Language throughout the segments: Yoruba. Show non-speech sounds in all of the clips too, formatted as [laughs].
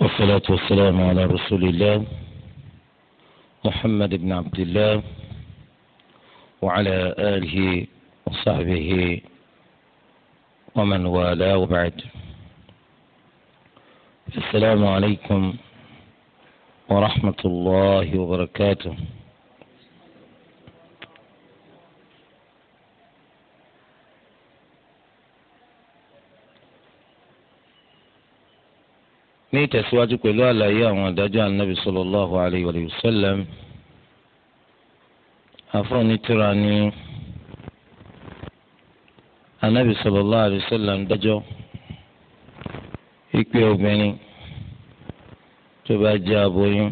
والصلاة والسلام على رسول الله محمد بن عبد الله وعلى آله وصحبه ومن والاه وبعد السلام عليكم ورحمة الله وبركاته ní ìtẹ̀síwájú pẹ̀lú àlàyé àwọn àdájọ́ anabi sallallahu alayhi wa sallam afọ́nitìra ni anabi sallallahu alayhi wa sallam dájọ́ ìpè obìnrin tó bá jẹ́ aboyún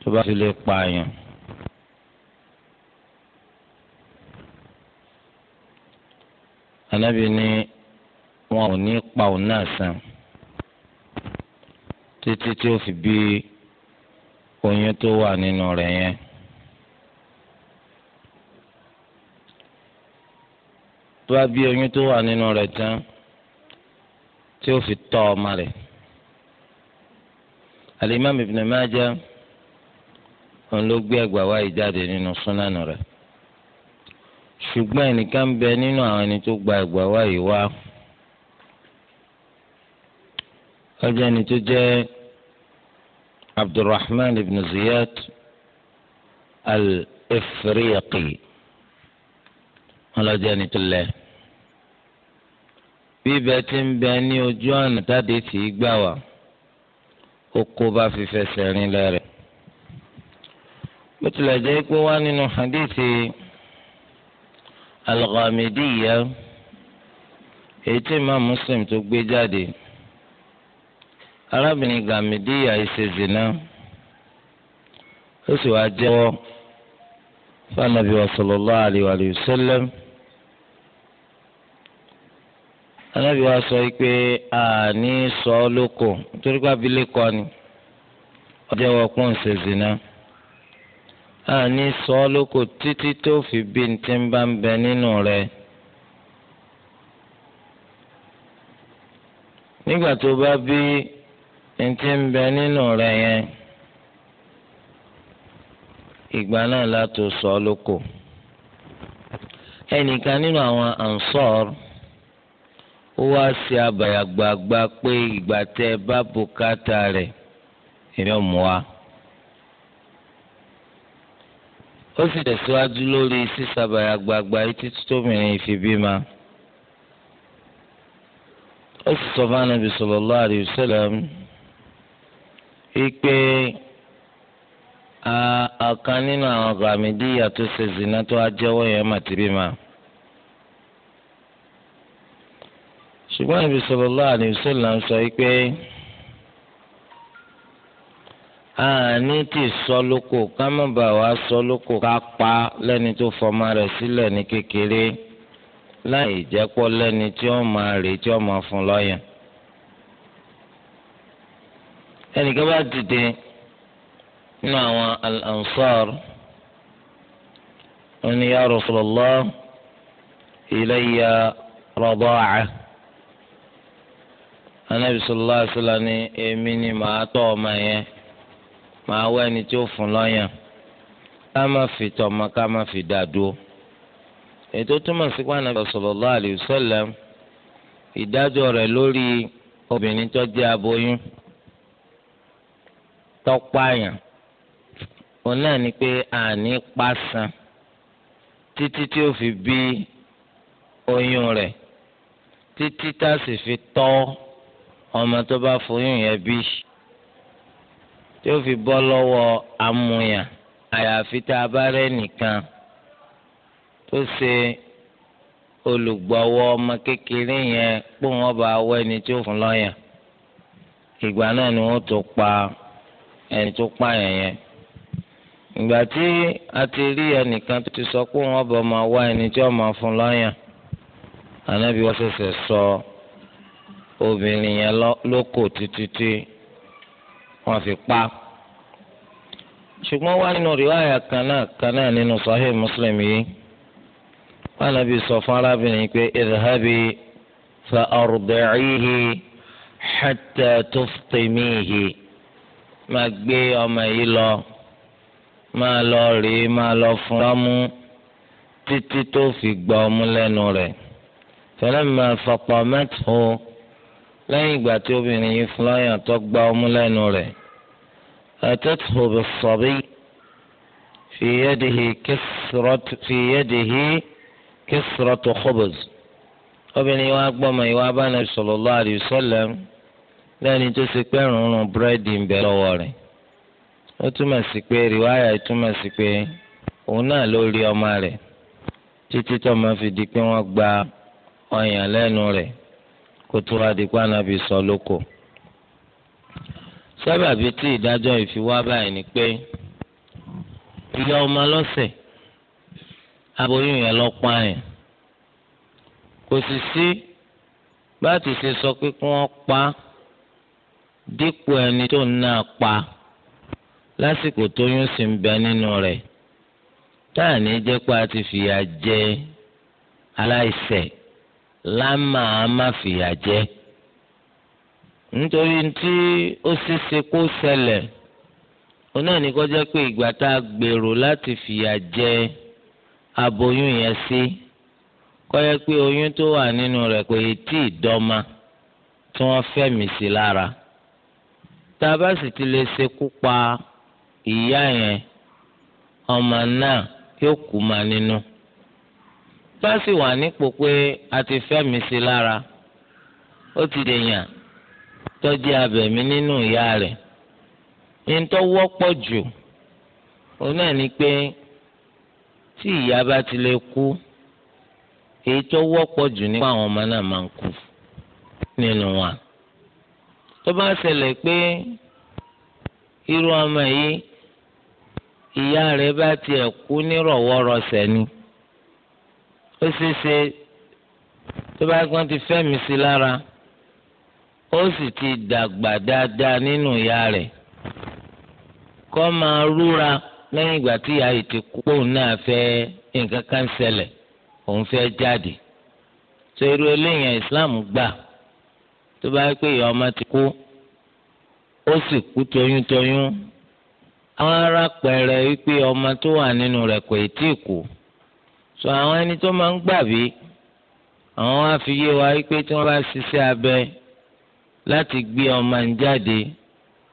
tó bá fi lè pààyàn. anabi ni wọn ò ní pa òun náà san títí tí ó fi bí oyún tó wà nínú rẹ̀ yẹn. tó bá bí oyún tó wà nínú rẹ̀ tán tí ó fi tọ́ ọmọ rẹ̀. alimami ibn Majah òun ló gbé ẹgbàá wáyé jáde nínú súnánù rẹ̀ ṣùgbọ́n ẹnìkan bẹ nínú àwọn ẹni tó gba ẹgbàá wáyé wá. ọjọ́ ẹni tó jẹ́ abdulrahman ibn ziyad al-ifriqi ọlọ́jọ́ ẹni tó lẹ̀ bí ibẹ̀ ti ń bẹ ní ojú ọ̀nà táde tì í gbà wá ó kó bá fífẹsẹ̀ rìn lẹ́rẹ̀ bó tilẹ̀ jẹ́ pé wá nínú hadithi al èyí tí imam muslim tó gbé jáde. arábìnrin gàmídìyà ìṣèṣì náà ó sì wá jẹ́wọ́ fanabi wasalɔlɔ aliwari sɛlɛm anabi wa sɔ yi pe aani sɔ loko toroka bile kɔni ɔjɛ wɔkun nsɛnsɛn na aani sɔ loko titi to fi bi nti ba nbɛ ninu rẹ nigbati o ba bi. ntí ń bẹ nínú rẹ̀ yẹn ìgbà náà látò sọ lóko ẹnìkan nínú àwọn ansor ó wá sí abàyàgbàgbà pé ìgbà tẹ bá bùkátà rẹ̀ èmi ò mú wa ó sì tẹ̀síwájú lórí sísàbàyàgbàgbà yìí títí tóbìnrin fi bímọ ó sì sọ fún Ànábì sallallahu alaihi wasallam. wípé ọ̀kan nínú àwọn gàmídìyà tó ṣe zina tó ajẹ́wọ́ yẹn mà ti bí ma. ṣùgbọ́n Ànábì sallallahu alaihi wasallam sọ wípé àní tí sọ lóko ká má bà wá sọ lóko ká pa lẹ́ni tó fọmọ rẹ̀ sílẹ̀ ní kékeré láì jẹ́ pọ́ lẹ́ni tí ó máa rè tí ó máa fún lọ́yàn. ẹnìkan bá dìde nínú àwọn al-ansar wọn ni ya Rasulullah ilayya anabi ni èmi ni màá ọmọ yẹn màá wá ẹni tí ó fún lọ́yàn ká má fi tọmọ ká má fi dà dúró ètò túmọ̀ sí pé anabi sallallahu ìdájọ́ rẹ̀ lórí tọ́páyàn òun náà ni pé àní pàṣán títí tí ó fi bí oyún rẹ̀ títí tá a sì fi tọ́ ọmọ tó bá foyún yẹn bí tí ó fi bọ́ lọ́wọ́ amúyàn àyàfi tá a bá rẹ́ nìkan tó ṣe olùgbọ́wọ́ ọmọ kékeré yẹn pé wọ́n bá wọ tí ó fún lọ́yàn ìgbà náà ni wọ́n tó pa ẹni tó pààyàn yẹn ìgbà tí a ti rí ẹnìkan tó ti sọ pé wọn bọ máa wá ẹni tí wọn máa fún lọ́yàn ànábi wọn sọ obìnrin yẹn lóko títí wọn fi pa ṣùgbọ́n wá nínú rìwáyà kan náà kan náà nínú Sahih Muslim yìí wọn ànábi sọ fún arábìnrin pé fa máa gbé ọmọ yìí lọ máa lọ rèé máa lọ fún lọ́mú títí tó fi gba ọmú lẹ́nu rẹ̀ falamma faqamathu lẹ́yìn ìgbà tí obìnrin yìí fún lọ́yàn tó gba ọmú lẹ́nu rẹ̀ atathu bis-sabi fi yadihi kisratu fi yadihi obìnrin yìí wá gbọ́mọ bá Nabi sallallahu alayhi wa lẹ́ni tó ṣe pé rúnrún búrẹ́dì ń bẹ lọ́wọ́ rẹ̀ ó túmọ̀ sí pé rìwáyà túmọ̀ sí pé òun náà ló rí ọmọ rẹ̀ títí tọ́mọ fi di pé wọ́n gba ọyàn lẹ́nu rẹ̀ kó tó wá di pé ànábì sọ lóko. sábàbí tí ìdájọ́ ìfiwá báyìí ni pé ìyá ọmọ lọ́sẹ̀ aboyún yẹn lọ pa yẹn kò sì sí bá ti ṣe sọ pé kí wọ́n pa á dípò ẹni tó náà pa lásìkò tóyún sì ń bẹ nínú rẹ táà ní jẹ́ pé a ti fìyà jẹ aláìṣẹ̀ lámàá má fìyà jẹ nítorí tí ó kó ṣẹlẹ̀ onáà ní kó jẹ́ pé ìgbà tá a gbèrò láti fìyà jẹ aboyún yẹn sí kó pé oyún tó wà nínú kò yìí tí ì dọ́mà tí tá a bá sì ti lè ṣekú pa ìyá yẹn ọmọ náà yóò kú ma nínú bá sì wà nípò pé a ti fẹ́mi sí lára ó ti dèèyàn tọ́jú abẹ̀mí nínú ìyá rẹ̀ ní tó wọ́pọ̀ jù òun náà ni pé tí ìyá bá ti lè kú èyí tó wọ́pọ̀ jù nípa àwọn ọmọ náà máa ń kú nínú wa tó bá ṣẹlẹ̀ pé irú ọmọ yìí ìyá rẹ̀ bá tiẹ̀ kú nírọ̀wọ́rọsẹ̀ ni ó ṣeé ṣe tó bá gbọ́n ti fẹ́mi sí lára ó sì ti dàgbà dáadáa nínú ìyá rẹ̀ kọ́ máa rúra lẹ́yìn ìgbà tí ìyá yìí ti kú òun náà fẹ́ nǹkan kan ṣẹlẹ̀ òun fẹ́ jáde tó irú eléyàn Islam gbà tó bá yẹ pé ìyá ọmọ ti kú ó sì kú toyúntoyún àwọn ará pẹrẹ wípé ọmọ tó wà nínú rẹ̀ kò tí ì kú sọ àwọn ẹni tó máa ń gbàbí àwọn wá fi yé wa wípé tí wọ́n bá ṣiṣẹ́ abẹ láti gbé ọmọ ń jáde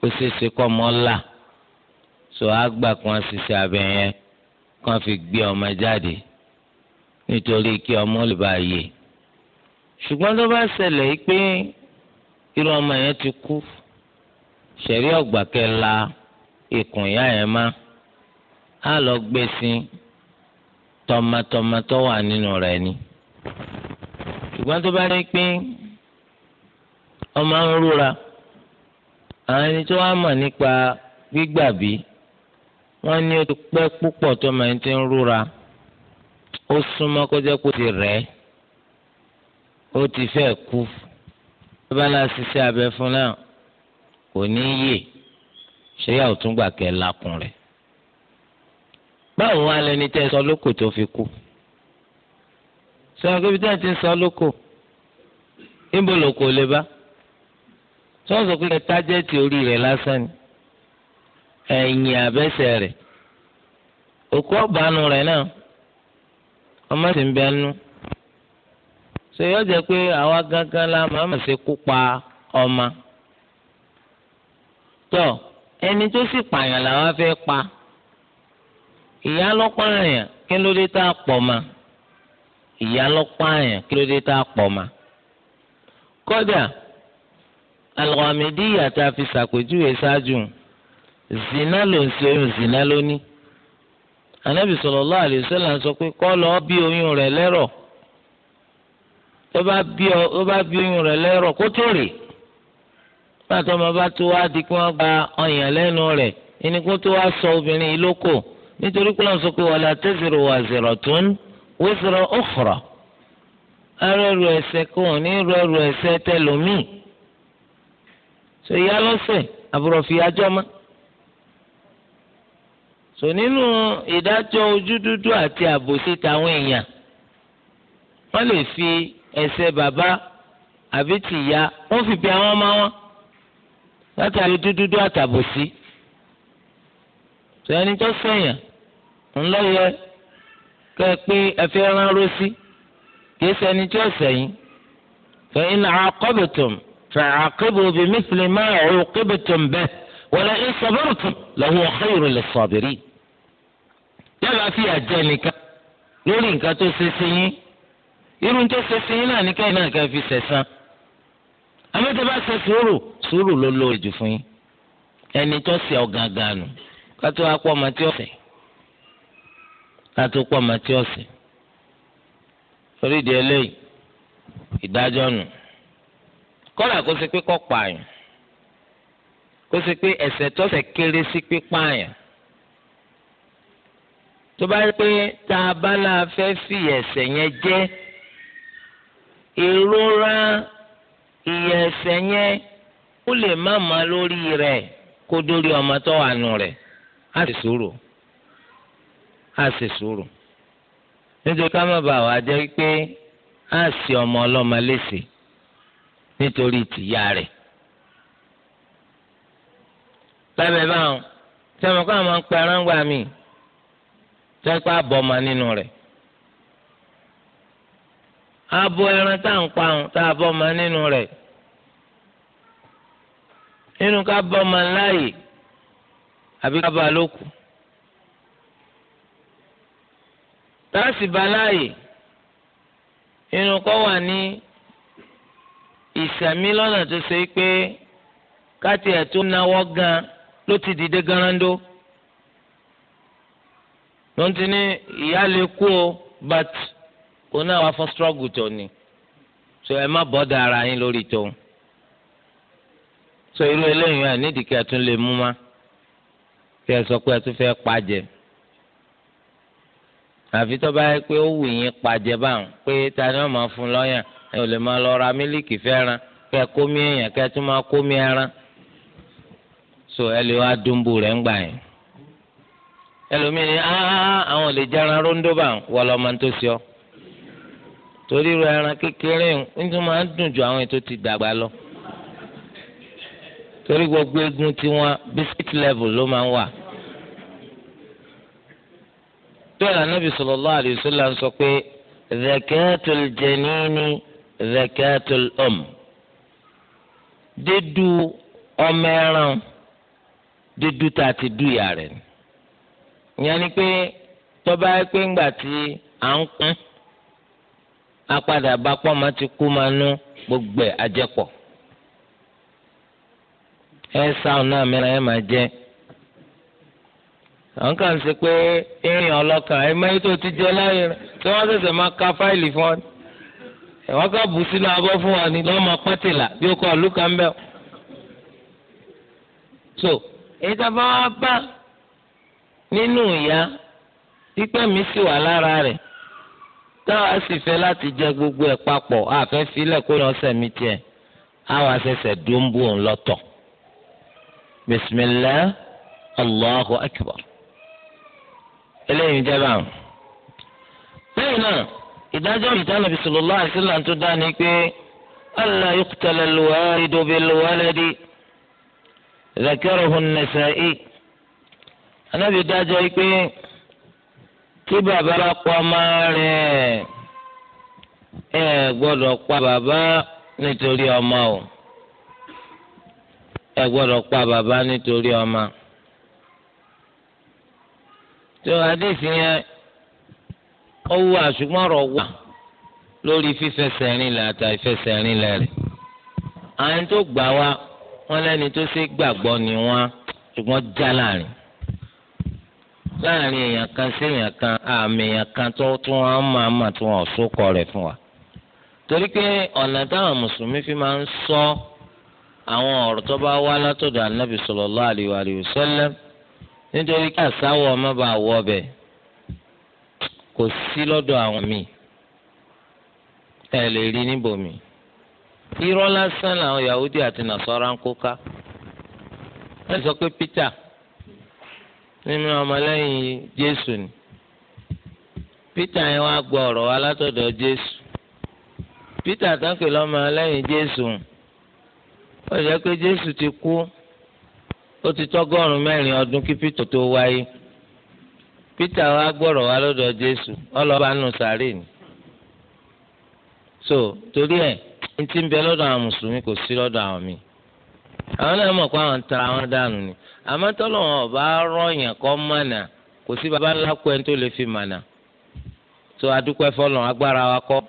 ó ṣeéṣe kọ́ ọmọ là sọ àgbà kan ṣiṣẹ́ abẹ yẹn kan fi gbé ọmọ jáde nítorí kí ọmọ lè bá yè ṣùgbọ́n tó bá ṣẹlẹ̀ yìí irú ọmọ yẹn ti kú ṣẹ̀rí ọ̀gbà kẹla ikùn ìyá yẹn má á lọ gbé sí tọmọtọmọ tó wà nínú rẹ̀ ni ṣùgbọ́n tó bá ní pé ọmọ ń rúra àwọn ẹni tó wá mọ̀ nípa gbígbàbí wọ́n ní ó ti pẹ́ púpọ̀ tó máa ti ń rúra ó súnmọ́ kó jẹ́ kó ti rẹ̀ ó ti fẹ́ kú bá náà ṣiṣẹ́ abẹ fún náà kò ní í yè ṣé yà ó tún gbà kẹ́ lakùn rẹ̀. báwo wá lẹni tẹ́ sọ lóko tó fi kú sọ̀rọ̀ kébí tẹ́ ti ń sọ lóko níbo lòkò lè bá sọ́ọ̀sọ̀ pé ẹ tájẹ́tì orí rẹ̀ lásán ni ẹ̀yìn àbẹ́sẹ̀ rẹ̀ òkú ọ̀bánu rẹ̀ náà ọmọ sì ń bẹ́ẹ̀ nú. ṣe yọ pé àwa gángan la màmá ṣe kú pa ọmọ ẹni tó sì pààyàn làwa pa ìyá lọ́pàáyàn kí ló dé tá a ma ìyá lọ́pàáyàn kí ló dé tá a pọ̀ ma alùpàmìdíyà tá fi ṣáájú zina ló ń ṣe zina sọ pé lọ bí oyún rẹ tó bá bí ọ tó bá bí oyún rẹ̀ lẹ́rọ̀ kó tó rè nígbà tó ọmọ bá tó wá di kí wọ́n gba ọyàn lẹ́nu rẹ̀ ẹni kó tó wá sọ obìnrin yìí lóko nítorí pé wọ́n sọ pé wala taziru waziratun wizra ukhra arẹ́rù ẹ̀ṣẹ̀ kò ní rẹ́rù ẹ̀ṣẹ̀ tẹlómìn so ìyá lọ́sẹ̀ àbúrò fi ajọ́ so nínú ìdájọ́ ojú dúdú àti àbòsí táwọn èèyàn wọ́n lè fi ẹ̀ṣẹ̀ bàbá àbí tìyá wọ́n fi bí àwọn ọmọ wọn látàrí dúdúdú àtàbòsí tòyẹnì tó sẹyìn ńlọyẹ kẹ pé ẹfẹ rán rọsí kìí ṣẹni tí sẹyìn fẹyìn àkọbìtùm fàákìbù bí mìsìlì máa ọ̀rọ̀ kìbìtùm bẹ́ẹ̀ wọlé ìsọ̀bọ̀rùtùm lọ́wọ́ ọ̀hẹ́rù lè sọ̀bìrì. yàrá fi àjẹ nìkan lórí nǹkan tó ṣe sí irun tó ṣe yín náà ní náà fi ṣẹ̀san àmọ́tẹ́ bá ṣe sùúrù sùúrù ló lóore jù fún yín ẹni tó ṣe ọ̀gángan nù kátó apọ̀ ọmọ tí kátó pọ̀ ọmọ tí ọ̀sẹ̀ orídìí eléyìí ìdájọ́ nù kọ́là kó ṣe pé pààyàn kó pé kéré sí tó ìrora ìyẹ̀ ẹ̀sẹ̀ yẹn ó lè má má lórí rẹ̀ kó dórí ọmọ tó wà nù rẹ̀ á sì sùúrù á sì sùúrù nítorí ká má bàa wá jẹ́ pé á sì ọmọ ọlọ́mọ léṣe nítorí tìyá rẹ̀ lábẹ́ báwọn tí a mọ̀ ń ọmọ abo ẹran tá à ń pa ọ̀hún tá a bọ́ ọmọ nínú rẹ̀ nínú ká bọ́ ọmọ láàyè àbí ká bá a lókù tá a sì bá láàyè nínú kọ́ wà ní ìsàmì lọ́nà tó ṣe pé káti ẹ̀ tó náwó gan ló ti dìde garando ló ti ní ìyá lè kú o bàtú òun náà wá fún struggle tó ni so ẹ má bọ́dà ara yín lórí tóun so irú eléyìí ẹ nídìí kí ẹ tún lè mú má kí ẹ sọ pé ẹ tún fẹ́ pàjẹ́ àfi tó bá yẹ pé ó wù yín pàjẹ́ báwọn pé ta ni wọ́n máa fún lọ́yàn ẹ ò lè máa lọ ra mílíkì fẹ́ràn kẹ́ ẹ kómi èèyàn kẹ́ tún máa kómi ẹran so ẹ lè wá dúnbù rẹ̀ ń gbà yín ẹlòmíì ni àwọn ò lè jẹran róńdó báwọn wọ́n lọ́ọ́ máa ń tó sí ọ torí ro ẹran kékeré nítorí máa ń dùn ju àwọn ètò ti dàgbà lọ torí gbogbo eegun tiwọn biscuit level ló máa ń wà. tó Ànábì sallallahu alaihi wasallam sọ pé zakatul janini zakatul um dédú ọmọ ẹran dídú tá a ti dú ìyá rẹ̀ ni. ìyẹn ni pé tọ́ba pé ńgbà tí à ń kún apádà bá pọ́nmọ́ ti kú máa nú gbogbo ẹ̀ àjẹpọ̀ ẹ sáwọn náà mẹ́ra ẹ máa jẹ́ àwọn kan ṣe pé ìrìn ọlọ́kàn ẹ mẹ́rin tó ti jẹ́ láyé rẹ̀ tí wọ́n sẹ̀sẹ̀ máa ka fáìlì fún ọ ni ẹ̀wọ́n ká bù sínú abọ́ fún wa ni lọ́mọ pátìlà bí ó kọ́ ọ̀lú kan bẹ́ẹ̀. so èyí tá bá bá nínú ìyá pípẹ́ mi sì wà lára rẹ̀ táwa sì fẹ́ láti jẹ gbogbo ẹ̀ papọ̀ àfẹ́ filẹ̀ kó yan sẹ̀mí tiẹ̀ àwọn asẹsẹ̀ dóńbò ńlọ́tọ̀ bisimilá allahu akbar eléyìí jẹba lẹ́yìn náà ìdájọ́ ìdáná bisalòlá àṣìlá tó dá ni pé allah yuqtala alwalid bilwaladi zakarahu an-nasa'i anábì dájọ́ pé. kí bàbá bá pa ọmọ rẹ̀ ẹ gbọ́dọ̀ pa bàbá nítorí ọmọ o ẹ gbọ́dọ̀ pa bàbá nítorí ọmọ. tó àdéhùn yẹn ó wù àṣùgbọ́n ọ̀rọ̀ wà lórí fífẹsẹ̀ rinlẹ̀ àti àìfẹsẹ̀ rinlẹ̀ rẹ̀. àwọn tó gbà wá wọn lẹ́ni tó ṣe gbàgbọ́ ni wọ́n ṣùgbọ́n já láàrin. láàrin èèyàn kan sí èèyàn kan àmì èèyàn kan tó tún wọn máa mà tí wọn sókọ rẹ̀ fún wa torí pé ọ̀nà táwọn mùsùlùmí fi máa ń sọ àwọn ọ̀rọ̀ tó bá wá látọ̀dọ̀ anábì sallallahu alaihi wa sallam nítorí kí àsáwọ̀ má bàa wọ ọbẹ̀ kò sí lọ́dọ̀ àwọn míì ẹ lè rí níbòmí irọ́ lásán làwọn Yahudi àti Nasara ń kó ká ẹ sọ pé Peter nínú ọmọlẹ́yìn jésù ni peter yẹn wá gbọ́ ọ̀rọ̀ wa látọ̀dọ̀ jésù peter tán pè lọ́mọlẹ́yìn jésù ó jẹ́ pé jésù ti kú ó ti tọ́gọ́rùn mẹ́rin ọdún kí peter wáyé peter wá gbọ́ ọ̀rọ̀ lọ́dọ̀ jésù ọlọ́ba nù so torí ẹ̀ ń bẹ lọ́dọ̀ àwọn mùsùlùmí àwọn náà mọ̀ pé àwọn tara wọn dànù ni àmọ́ tọ́lọ̀ wọn ọba rọ̀yàn kọ́ mọ̀nà kò sí baba ńlá kú ẹni tó lè fi mọ̀nà tó adúpẹ́ fọlọ́ agbára wa kọ́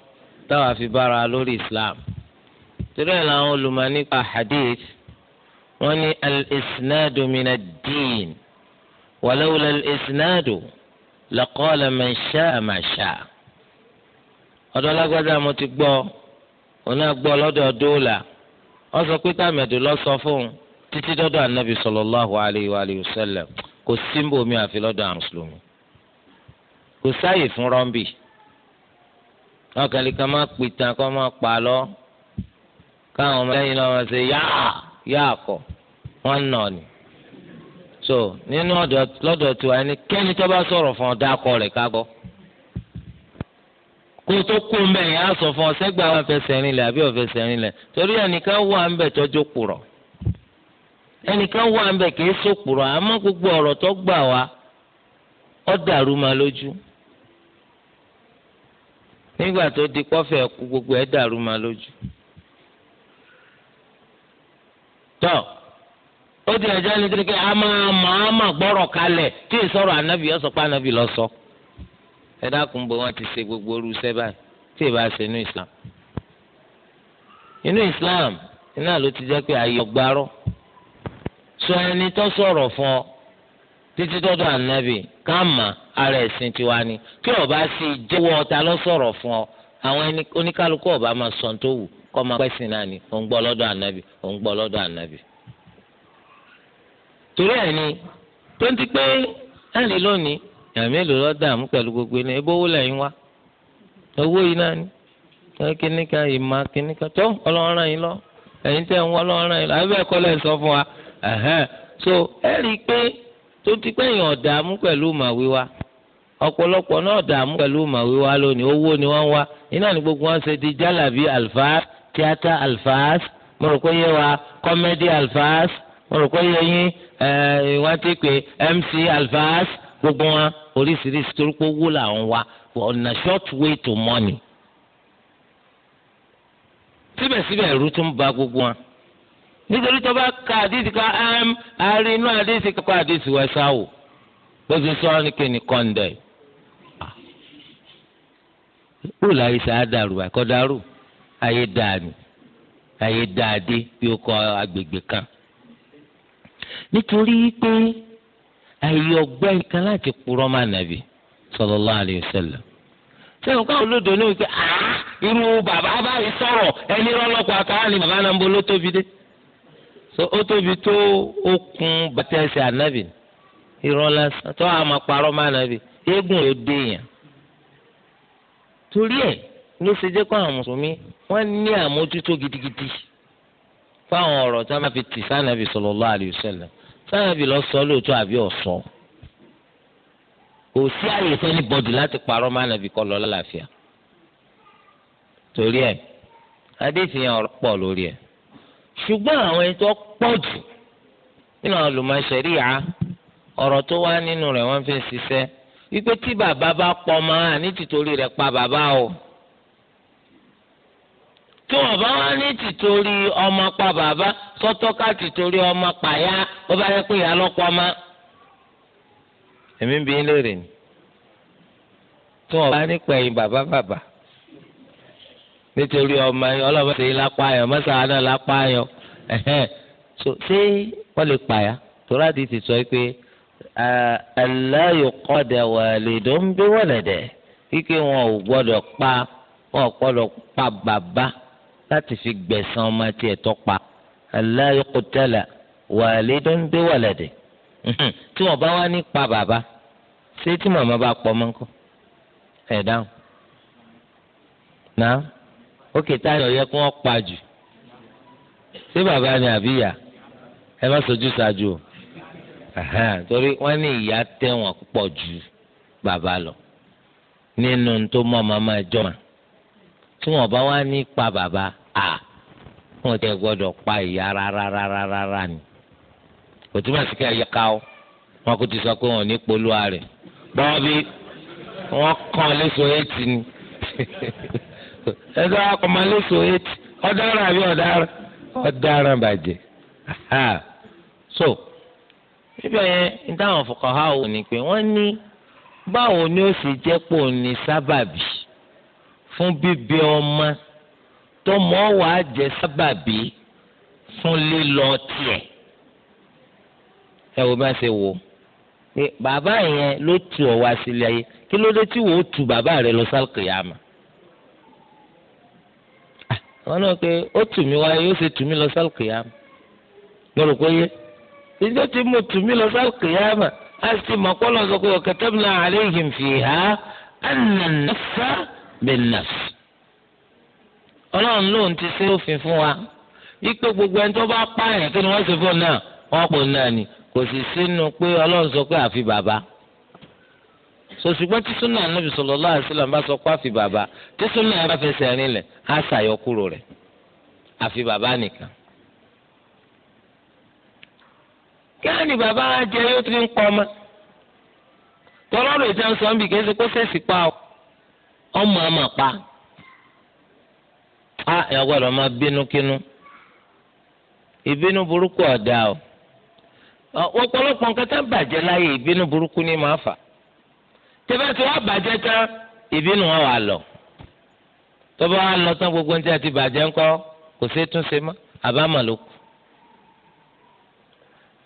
táwa fi bára lórí Islam torí ẹ̀ làwọn olùmọ̀ nípa hadith wọ́n ní al-isnadu min ad-din walawla al-isnadu laqala mo ti gbọ́ ọ̀nà gbọ́ lọ́dọ̀ dóòlà wọ́n sọ pé tàmẹ̀dù lọ sọ fún un títí dọ́dọ̀ anabi sallallahu alayhi wa alihi wa sallam kò símbò mi àfi lọ́dọ̀ àwọn mùsùlùmí kò sáàyè fún rọ́ǹbì wọn kàn máa pìtàn kó máa pa lọ káwọn ọmọ lẹ́yìn náà wọ́n ṣe yáà yáà kọ̀ wọ́n nà ni so nínú ọ̀dọ̀ lọ́dọ̀ tiwa ẹni kẹ́ni tó bá sọ̀rọ̀ fún ọ dákọ̀ rẹ̀ ká gbọ́. kó o tó kú mbẹ yẹn á sọ fún ọ sẹgbẹ àwọn afẹsẹ rinlẹ àbí ọfẹsẹ rinlẹ torí ẹnìkan wà mbẹ tọjú kùrọ ẹnìkan wà mbẹ kìí sòkùrọ àmọ́ gbogbo ọ̀rọ̀ tó gbà wá ọ dàrú ma lójú nígbà tó di kọfẹ kú gbogbo ẹ dàrú ma lójú tọ ó di ẹjọ́ ní kíkẹ a máa mọ gbọrọ máa gbọ́rọ̀ kalẹ̀ tí ìsọ̀rọ̀ anabi ọsọ pa anabi lọ sọ. So ẹ dákun bó wọn ti ṣe gbogbo orú sẹ́bà tí ì bá ṣe inú Islam inú Islam iná ló ti jẹ́ pé ayọ̀ gbárọ́ sọ ẹni tó sọ̀rọ̀ fún ọ títí tọ́dọ̀ ànábì ká mà ara ẹ̀sìn tiwa ni kí ọba sì jẹ́wọ́ ọ̀tá ló sọ̀rọ̀ fún ọ àwọn oníkálukú ọba máa sọ tó wù kọ́ máa pẹ́sìn náà ni òun gbọ́ lọ́dọ̀ ànábì òun gbọ́ lọ́dọ̀ ànábì. torí ẹ̀ tó ń ti pé ẹ̀rìn lónìí èèyàn mélòó lọ dààmú pẹ̀lú gbogbo ilé ebó owó lẹ́yìn wá owó yìí náà ni kíní kan ìmọ̀ kíní kan tó ọlọ́run yìí lọ ẹ̀yin tẹ̀ ń wọ́n ọlọ́run yìí lọ àbí ẹ̀kọ́ lẹ̀ sọ fún wa so ẹ rí i pé tó ti pé èèyàn dààmú pẹ̀lú mà wíwá ọ̀pọ̀lọpọ̀ náà dààmú pẹ̀lú mà wíwá lónìí owó ni wọ́n wá iná ni gbogbo wọn ṣe di jálàbí alfaas tíátà alfaas mo rò pé yé wa kọ́mẹ́dì alfaas mo rò yín ẹ̀ wọ́n ti mc alfaas gbogbo wọn oríṣiríṣi torí pé owó làwọn on a short way to money. síbẹ̀síbẹ̀ ẹ̀rú tún ba gbogbo wọn nítorí tó bá ka àdìsí ká ẹm àárín inú àdìsí kọ́ àdìsí wẹ̀ sá o bó ṣe sọ ọ́ ní kíni kọ́ńdẹ̀. ó láyé sáà dàrú àìkọ́ dàrú ayé dáa ni ayé dáadé bí ó kọ agbègbè kan nítorí pé. ayé ọgbẹ́ nǹkan láti purọ́ máa nàbì sọlọ alayhi wa sẹ́yìn ká olódò ní wípé irú bàbá báyìí sọ̀rọ̀ ẹni rọ́lọ́pàá akara ni bàbá náà ń bo ló tóbi dé. ó tóbi tó okun bàtẹ́sẹ̀ ànábì irọ́ lásán tó àmà parọ́ máa nàbì eégún ló dé torí ẹ ló ṣe jẹ́ kó àwọn mùsùlùmí wọ́n ní àmójútó gidigidi fáwọn ọ̀rọ̀ tí wọ́n máa fi tì sáyẹ̀bì lọ sọ lóòótọ́ àbí ọ̀sọ́ kò sí àyè fẹ́ni bọ́dì láti parọ́ máa nàbì kọ́ lọ lálàáfíà torí ẹ̀ adéfì yẹn ọ̀rọ̀ pọ̀ lórí ẹ̀ ṣùgbọ́n àwọn ẹni tó pọ̀ jù nínú àlùmọ̀ṣẹ̀rí yá ọ̀rọ̀ tó wá nínú rẹ̀ wọ́n fi ń ṣiṣẹ́ wípé tí bàbá bá pọ̀ máa ní tìtorí rẹ̀ pa bàbá o tí wọn bá wá ní tìtorí ọmọ pa bàbá sọ́tọ̀ ká tìtorí ọmọ pa ya ó bá yẹ pé ìyá lọpọ ọmọ. èmi ń bi léèrè ni tí wọn bá ní pẹ̀yìn bàbá bàbá nítorí ọmọ yẹn ọlọ́mọ tèyí lápá yẹn mọ́sàá náà lápá yẹn ṣé wọ́n lè pa ya torí àti ti sọ pé aláyọ̀kọ́dẹ̀ wà lè dùn bí wọ́n lẹ̀ dẹ̀ kíkẹ́ wọn ò gbọ́dọ̀ pa wọn ò gbọ́dọ̀ pa bàbá láti fi gbẹ̀san ọmọ tiẹ̀ tó pa Allah yuqtala walidun bi waladihi tí wọ́n bá wá ní pa bàbá ṣé tí màmá bá pọ̀ mọ́ ńkọ́ ẹ̀ dáhùn náà ó kè tá àyọ̀ yẹ kí wọ́n pa jù ṣé bàbá ni àbí ìyá ẹ má sojú ṣáájú o torí wọ́n ní ìyá tẹ̀wọ̀n pọ̀ ju bàbá lọ nínú tó mọ́ màmá ẹjọ́ màá tí wọn bá wá ní pa bàbá à wọn tẹ gbọ́dọ̀ pa ìyá rárárárárá ni kò túmọ̀ sí kẹ́ ẹ̀yà ká o wọn kò ti sọ pé wọn ò ní polúwa rẹ̀ bọ́ọ̀bí wọn kàn léṣo éètì ni ẹgbẹ́ ọmọ léṣo éètì ọ̀daràn àbí ọ̀daràn ọ̀daràn bàjẹ́ so níbẹ̀ yẹn táwọn fọkàn ha wò ni pé wọ́n ní báwo ni ó sì jẹ́ pò ní sábàbí fún bíbí ọmọ tó mọ́ wàá jẹ sábàbí fún lílọ tiẹ̀ ẹ wo bá ṣe wò pé bàbá yẹn ló tu ọ wá sílé ayé kí ló dé tí wò ó tu bàbá rẹ lọ sálùkìyàmà ah, wọn náà pé ó tù mí wáyé ó ṣe tù mí lọ sálùkìyàmà mo rò pé yé ìjọ tí mo tù mí lọ sálùkìyàmà á sì mọ̀ kọ́ lọ́sọ̀kọ̀ kẹtẹ́bùnà àlẹ́ yìí fi hà á nà nà sá binas ọlọ́run lòun ti ṣe òfin fún wa wípé gbogbo ẹni tó bá pààyàn kí ni wọ́n ṣe fún náà wọ́n pò náà ni kò sì sínú pé ọlọ́run sọ pé àfi bàbá sòṣùgbọ́n tí súnà anábì sallallahu alaihi wasallam bá sọ pé àfi bàbá tí súnà bá fẹsẹ̀ rinlẹ̀ á ṣàyọkúrò rẹ̀ àfi bàbá nìkan. kíá ni bàbá jẹ yóò ti ń pọ ọmọ tọ́lọ́rọ̀ ìjà ń sọ ń bì kí ẹ ṣe kó ṣèṣì pa ọ́ ọmọ àmà pa á ẹ gbọ́dọ̀ máa bínú kínú ìbínú burúkú ọ̀dà o ọ̀pọ̀lọpọ̀ nǹkan tá bàjẹ́ láyé ìbínú burúkú ni máa fà tẹ́fẹ́ tí wọ́n bàjẹ́ tán ìbínú wọn wà lọ tọ́ba wa lọ tán gbogbo ní tí a ti bàjẹ́ ńkọ́ kò ṣeé tún ṣe mọ́ àbámọ̀ ló kù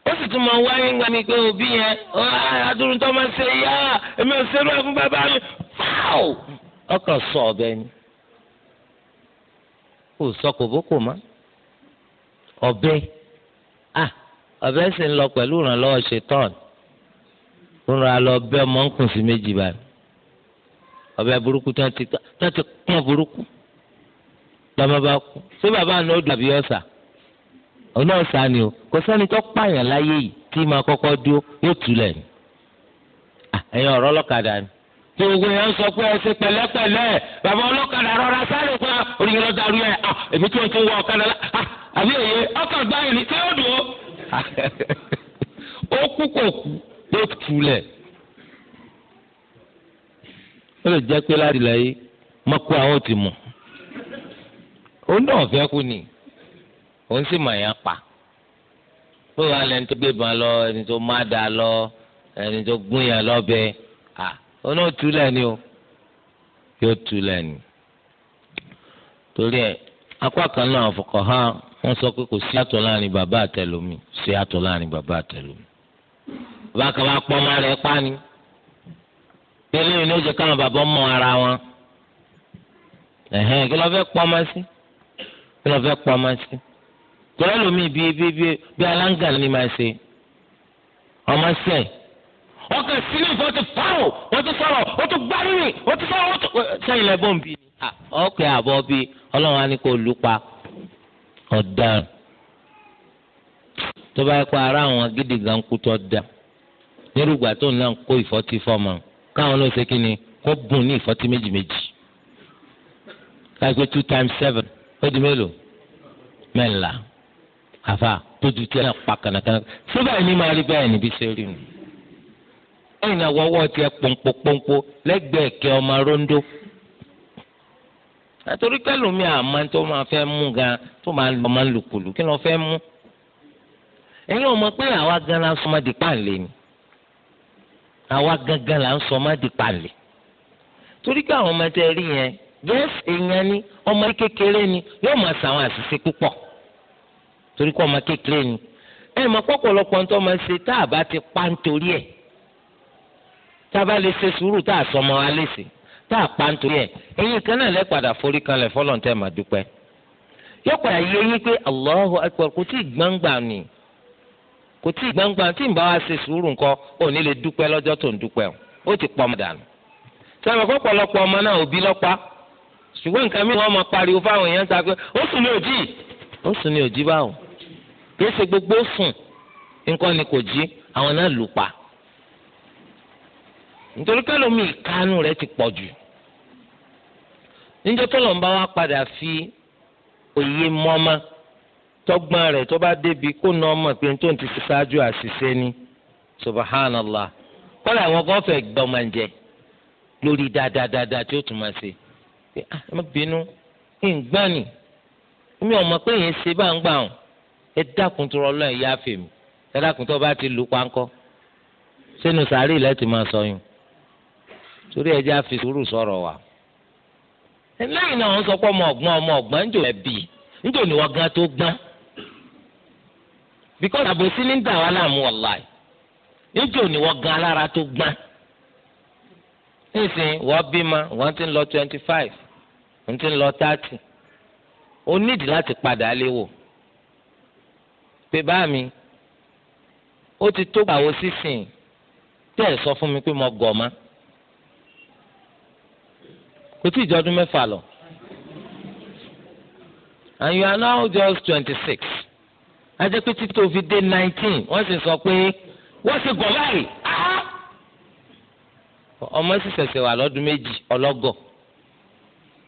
ó sì tún máa wáyé ńgbà ní pé òbí yẹn adúrú tó máa ṣe yá èmi ò ṣerú ẹ fún bàbá mi fáwọ ọkàn sọ ọ̀bẹ ni kò sọ kòbókò mọ́ ọ̀bẹ à ah, ọ̀bẹ sì ń lọ pẹ̀lú ìrànlọ́wọ́ ṣetán ìrànlọ́wọ́ lọ bẹ ọmọ ń kùn sí méjì báyìí ọ̀bẹ burúkú tó ti pọ́n burúkú lọ́mọ bá kú ṣé bàbá àná ó dàbí ọ̀sà ọ̀nà ọ̀sà ni o kò sẹ́ni tó pààyàn láyé yìí tí màá kọ́kọ́ dúró yóò tulẹ̀ ah, ẹ̀yin ọ̀rọ̀ ọlọ́kadà ni tí gbogbo yẹn sọ pé ẹ ṣe pẹ̀lẹ́pẹ̀lẹ́ bàbá ọlọ́kadà rọra sáré fún wa oníyẹn lọ́ọ́ darí ẹ̀ ah, èmi tí wọ́n ti wọ ọ̀kadà la ah, àbí èyí ọkàn báyìí ni tí ó dùn ó [laughs] kú kò kú ló tu lẹ̀. ó lè jẹ́ pé láti lẹ́yìn mọ́ kó àwọn ti mọ̀ ó náà fẹ́ kú ni òun sì mọ̀ yẹn pa pé wàá lẹni tó gbé ìbọn lọ ẹni tó má dáa lọ ẹni tó gún yẹn lọ́bẹ̀ẹ́. òun náà o yóò tú lẹ́ni torí ẹ̀ apá kan náà ha wọ́n sọ pé kò sí àtọ̀ láàrin bàbá àtẹlómi sí àtọ̀ láàrin bàbá àtẹlómi bàbá kan bá pa ni pẹ̀lú ìní oṣù káwọn bàbá mọ ara wọn kí ló fẹ́ pọ́n máa sí kí ló fẹ́ pọ́n sí aláǹgà ni ṣe ọkàn sílẹ̀ ìfọ́ ti pààrọ̀ wọ́n ti sọ̀rọ̀ wọ́n ti gbárùnì wọ́n ti sọ̀rọ̀ wọ́n ti. sẹ́yìn lẹ́bọ̀ ń bí ni. ọkẹ́ ah, àbọ̀ bí ọlọ́run á ní kó lù pa ọ̀daràn tó bá yẹ kó ara àwọn gidi gan kú tó da nírúgbà tó ń náà kó ìfọ́tí fọ́ọ̀mù káwọn ló ṣe kí ni kó bùn ní ìfọ́tí méjì méjì two times seven ó di mélòó mẹ́la àfa tó ju tí a náà pa kànákànná síbẹ̀ ni màá rí bẹ́ẹ̀ níbi ṣe rí nu ẹ̀yìn náà wọ́wọ́ tiẹ̀ pọ̀npọ̀pọ̀npọ̀ lẹ́gbẹ̀ẹ́ kẹ́ ọmọ rondo. àtòrí kẹlòmíì àmọ́ tó máa fẹ́ mú gan tó máa lọ máa lùkùlù kí ló fẹ́ mú. ẹ̀yin ọmọ pé àwa gan la ń sọ máa di pàǹlẹ̀ ni àwa gangan la ń sọ máa di pàǹlẹ̀. torí pé àwọn ọmọ tẹ rí yẹn yẹ́sì èèyàn ni ọmọ kékeré ni yóò máa sàwọn àṣìṣe púpọ̀ torí pé ọmọ kékeré ni ẹ̀ mọ̀ pọ̀pọ̀lọpọ̀ ń tọ́ máa ṣe tá a bá ti pa nítorí ẹ̀ t'aba le bá lè ṣe sùúrù tá a sọmọ wa léṣe tá a pa nítorí ẹ̀ ẹ̀yin kan náà lẹ́ padà forí kanlẹ̀ fọlọ́n tẹ́ máa yóò padà yé yín pé kò tí ì gbangba ni kò tí ì gbangba tí n bá wa ṣe sùúrù nǹkan ò lè dúpẹ́ lọ́jọ́ tó ń dúpẹ́ o ó ti pọ̀ mọ́ dànù sọ̀rọ̀ kó pọ̀lọpọ̀ ọmọ náà òbí lọ́pàá ṣùgbọ́n nǹkan mi pariwo fáwọn èèyàn ta pé ó sùn ní òjì ó sùn ní òjì báwo kì í ṣe gbogbo sùn ni kò jí àwọn nítorí kálómi ìkánú rẹ̀ ti pọ̀ jù níjọ́ tọ́lọ̀ ń bá wa padà fi òye mọ́mọ́ tọ́gbọ́n rẹ̀ tó bá débi kó na ọmọ pé tó ń ti ṣáájú àṣìṣe ni subhanallah kọ́lá àwọn kan fẹ́ gbọ́ máa ń jẹ lórí dáadáa tí ó tún máa ṣe pé ah ẹ má bínú ń gbọ́n ni mi ò mọ̀ pé yẹn ṣe bá ń gbà hàn ẹ dákun tó rọlọ́ yá fèmí ẹ dákun tó bá ti lù pánkọ́ sínú sàárè ilẹ̀ ti máa sọyún. torí ẹja fi sùúrù sọ̀rọ̀ wa. lẹ́yìn náà wọ́n sọ pé ọmọ ọ̀gbọ́n ọmọ ọ̀gbọ́n ń jò ẹ̀bì ń jò gan tó gbọ́n. because àbòsí ní dàwa láàmú ọ̀la ń jò ní gan alára tó gbọ́n. wọ́n bímọ wọ́n ti ń lọ twenty five wọ́n ti ń lọ thirty ó nídìí láti padà léwò. pé mi ó ti tó gbàwó sísìn tẹ́ ẹ̀ sọ fún mi pé mo gọ̀ kò tí ì jọ ọdún mẹ́fà lọ. and you are now just twenty six ajẹ́ pé títí tó fi dé nineteen wọ́n sì sọ pé wọ́n sì gọ̀ báyìí ọmọ sì ṣẹ̀ṣẹ̀ wà lọ́dún méjì ọlọ́gọ̀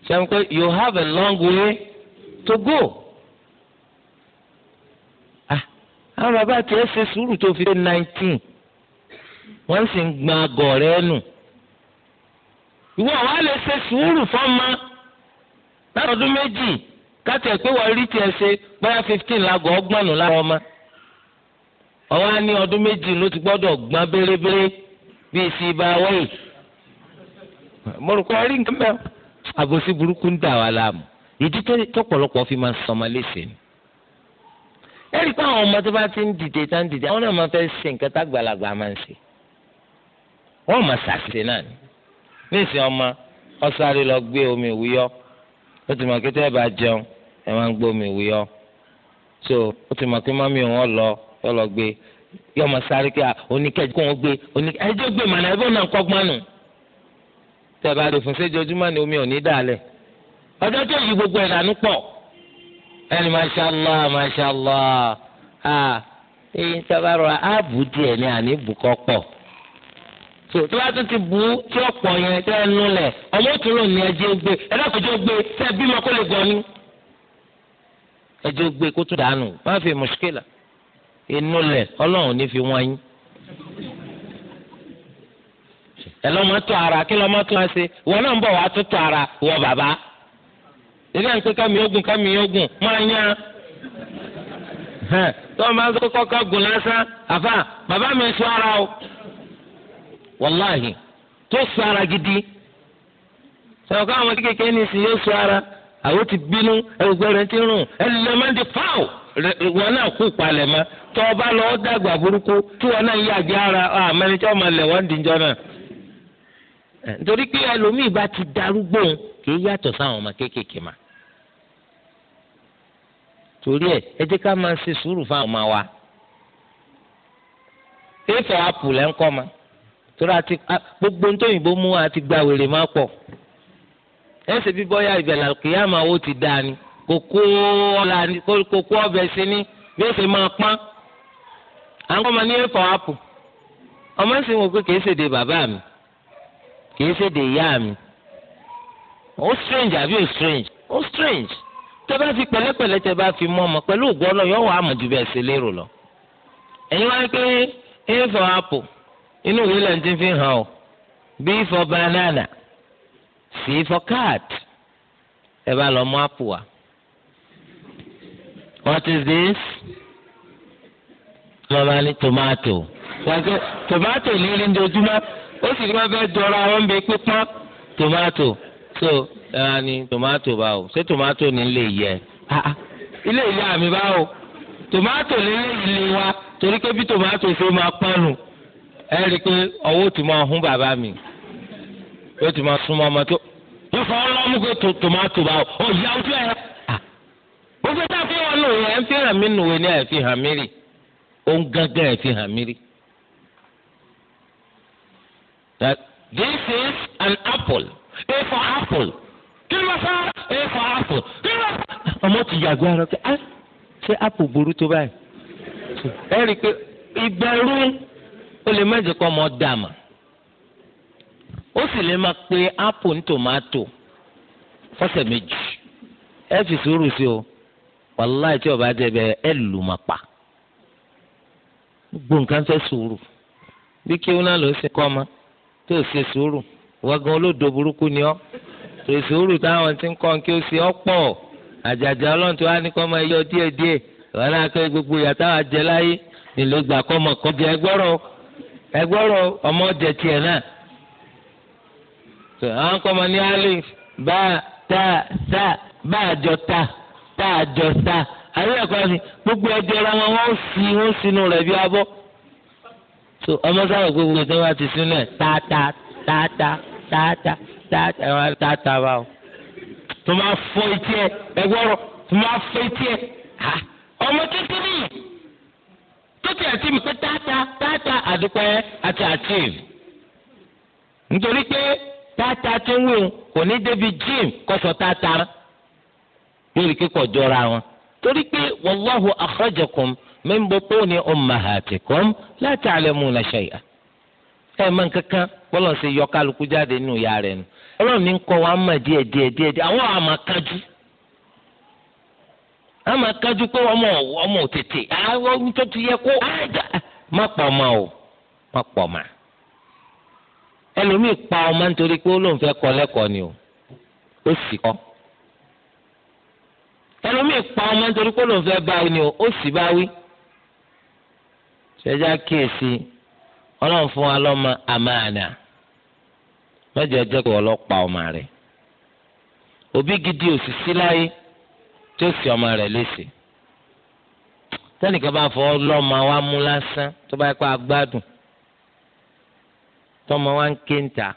ṣẹ́ni pé you have a long way to go. Ah, àwọn bàbá tiẹ̀ ṣe sùúrù tó fi dé nineteen wọ́n sì ń gbọ́n agọ̀ rẹ̀ nù ìwọ wàá lè ṣe sùúrù fọ́mọ látọdún méjì káti ẹ̀ pé wọ́n rí tiẹ̀ ṣe bóyá fifteen lágọ̀ ọgbọ́n nù lára ọmọ ọwọ́ á ní ọdún méjì ló ti gbọ́dọ̀ gbọ́n bérebére bíi sí ibà wẹ́yì mo rò pé rí nǹkan mẹ́wàá àbòsí burúkú ń dà wá láàmú ìdí tọ́pọ̀lọpọ̀ fi máa ń sọmọ léṣe ni ẹ̀rí pé àwọn ọmọ tó bá ti ń dìde tá ń dìde àwọn náà máa fẹ́ ṣe nǹkan tágbàlagbà máa ń ṣe wọ́n máa ṣàṣìṣe náà ni ọma, ọmọ ọsáré lọ gbé omi ìwúyọ ó ti mọ kí tẹ́ ẹ bá jẹun ẹ gbé omi ìwúyọ so ó ti mọ kí mọ́mí òun lọ yọ lọ gbé yọ ọmọ sáré kí oníkẹ́jì kó wọn gbé ẹjọ́ gbé màná ẹbí ọ̀nà kọ́gbọ́n nù tẹ́ bá lè fún omi ò ní gbogbo ẹ̀ pọ̀ ẹni ah rọra díẹ̀ ni pọ̀. tó tó bá tún ti bu tí ọ̀pọ̀ yẹn tẹ́ ẹ nu lẹ̀ ọmọ òtún lò ní ẹjẹ́ gbé ẹ̀dọ́kọ̀jọ́ gbé tẹ́ bímọ kó lè gọ́ni. ẹjẹ́ gbé kó tún dànù má fi mùsùkìlà inú lẹ̀ ọlọ́run ní fi wọ́n yín. ẹ ara kí lọ́mọ tó wá ṣe ìwọ náà ń bọ̀ wá tó ara wọ bàbá. ìdí àti kámi ogun kámi ogun máa yán tó máa ń sọ kọ́kọ́ gùn lásán àfà bàbá mi sọ ara o. wàláhì tó so ara gidi sọ̀rọ̀ káwọn ọmọdé kékeré ní ìsìn yóò ara àwọn ti bínú ẹgbẹ́ ti rùn ẹlẹ́mẹ́ndì fáwọ̀ wọn náà kú palẹ̀ mọ́ tọ́ ọba lọ dàgbà burúkú tí wọn náà yàgbé ara ọ tí wọ́n máa lẹ̀ wọ́n náà. nítorí pé ẹlòmíì ti darúgbó sáwọn ọmọ kéékèèké ma torí ẹ ká máa ṣe wa. apù ma. torí àti gbogbo ohun tó yìnbó mú àti gba wèrè máa pọ̀ ẹ ṣe bí bọ́yá ìbẹ̀lẹ̀ kìyà máa ti dáa ni kò kó ọ̀la kò kó ọbẹ̀ sí ni bí ó ṣe máa pọ́n àwọn ọmọ ní ẹ̀fọ́ àpò ọmọ sì wò pé kìí ṣèdè bàbá mi kìí ṣèdè ìyá mi ó strange àbí ó strange ó strange tẹ bá fi pẹ̀lẹ́pẹ̀lẹ́ tẹ bá fi mú ọmọ pẹ̀lú ògbọ́n náà yọ wà á mọ̀ ju bẹ́ẹ̀ ṣe lérò lọ ẹ̀yin wá pé ẹ̀fọ́ àpò inú ìwé lẹ́yìn tí ń fi hàn ọ́ b for banana c for cat ẹ bá lọ mú apple wa what is this wọ́n bá ní tomato tomato ní ilé ojoojúmọ́ ó sì ní wọ́n fẹ́ jọra wọn bí pípọ́n tomato so ẹ wá ní tomato báwo ṣé tomato ní ilé yẹ ah, ah. ilé ìyá mi báwo tomato ní ilé ìlé wa torí pé bí tomato ṣe máa pọ́nù ẹ rí i pé ọwọ́ tó máa hún bàbá mi yóò tó máa súnmọ́ ọmọ tó yóò fọ ọlọ́mú tòmátò bá ọ ìyá ojú ẹ. ó fẹ́ tá a fi hàn lòun ẹ̀ ń fi hàn mí nùwé ní ẹ̀ fi hàn mí rì ó ń gángan ẹ̀ fi hàn mí rì. this is an apple a for apple kí ló fẹ́ a for apple kí ló fẹ́. ọmọ ti yàgbé ara pé ah, ṣé apple burú tó báyìí. ẹ rí i pé ìbẹ̀rù. ó lè má jẹ́ ọ ọmọ dàmà ó sì lè má pé apple ní tòmátò fọ́sẹ̀ méjì ẹ fi sùúrù sí o wàláì tí ọba jẹ bẹ ẹ lù pa gbogbo nǹkan fẹ́ sùúrù bí kí wọn lọ sí kọ́ ọmọ tó ṣe sùúrù wọ́gán olódò burúkú ni ọ́ tòun sùúrù táwọn ti ń kọ́ kí ó ṣe ọ́ pọ̀ àjàjà ọlọ́run tó wá ní kọ́ ẹgbọ́rọ̀ ọmọ jẹ tiẹ̀ náà tó àwọn kọ́ ọmọ ní alif bá tá sá bá àjọ ta tá àjọ sá àyè ẹ̀kọ́ ni gbogbo ẹjọ́ ra wọn wọ́n sì wọ́n sínú rẹ̀ bí abọ́ tó ọmọ sábà gbogbo ẹjọ́ wa ti sínú ẹ̀ tata tata tata tata ẹ̀ wọ́n tata bá o tó máa fọ etí ẹ̀ ẹgbọ́rọ̀ tó máa fọ etí ẹ̀ ọmọ kékeré yìí. tó ti àtìbì pé táàtà táàtà àdúpẹ́ àti àtìbì nítorí pé táàtà ti ń wù kò ní débi jim kọsọ táàtà yóò kíkọ jọra wọn torí pé wallahu akhrajakum min butuni la ta'lamuna shay'a ẹ mọ̀ nǹkankan bọ́lọ̀ ṣe yọ kálukú jáde nínú ìyá rẹ̀ nù ọlọ́run ní kọ́ wa mọ̀ díẹ̀ díẹ̀ díẹ̀ àwọn kájú. Ama máa kájú pé ọmọ ọmọ ò tètè àwọn ohun tó ti yẹ kó má pọ̀ ọmọ o má pọ̀ ọmọ ẹlòmíì pa ọmọ nítorí pé ó fẹ́ kọ́ lẹ́kọ̀ọ́ ni o ó sì kọ́ ẹlòmíì pa ọmọ nítorí pé ó fẹ́ báwí ni o ó sì báwí ṣẹjá kíyèsí ọlọ́run fún wa lọ́mọ àmàna mẹ́jọ jẹ́ kí ọlọ́pàá ọmọ rẹ̀ òbí gidi òsì sí láyé tí ó sì ọmọ rẹ̀ léṣe tẹnìkan bá fọ ọlọ́mọ wa mú lásán tó bá pa agbádùn tọmọ wa ń ké ń ta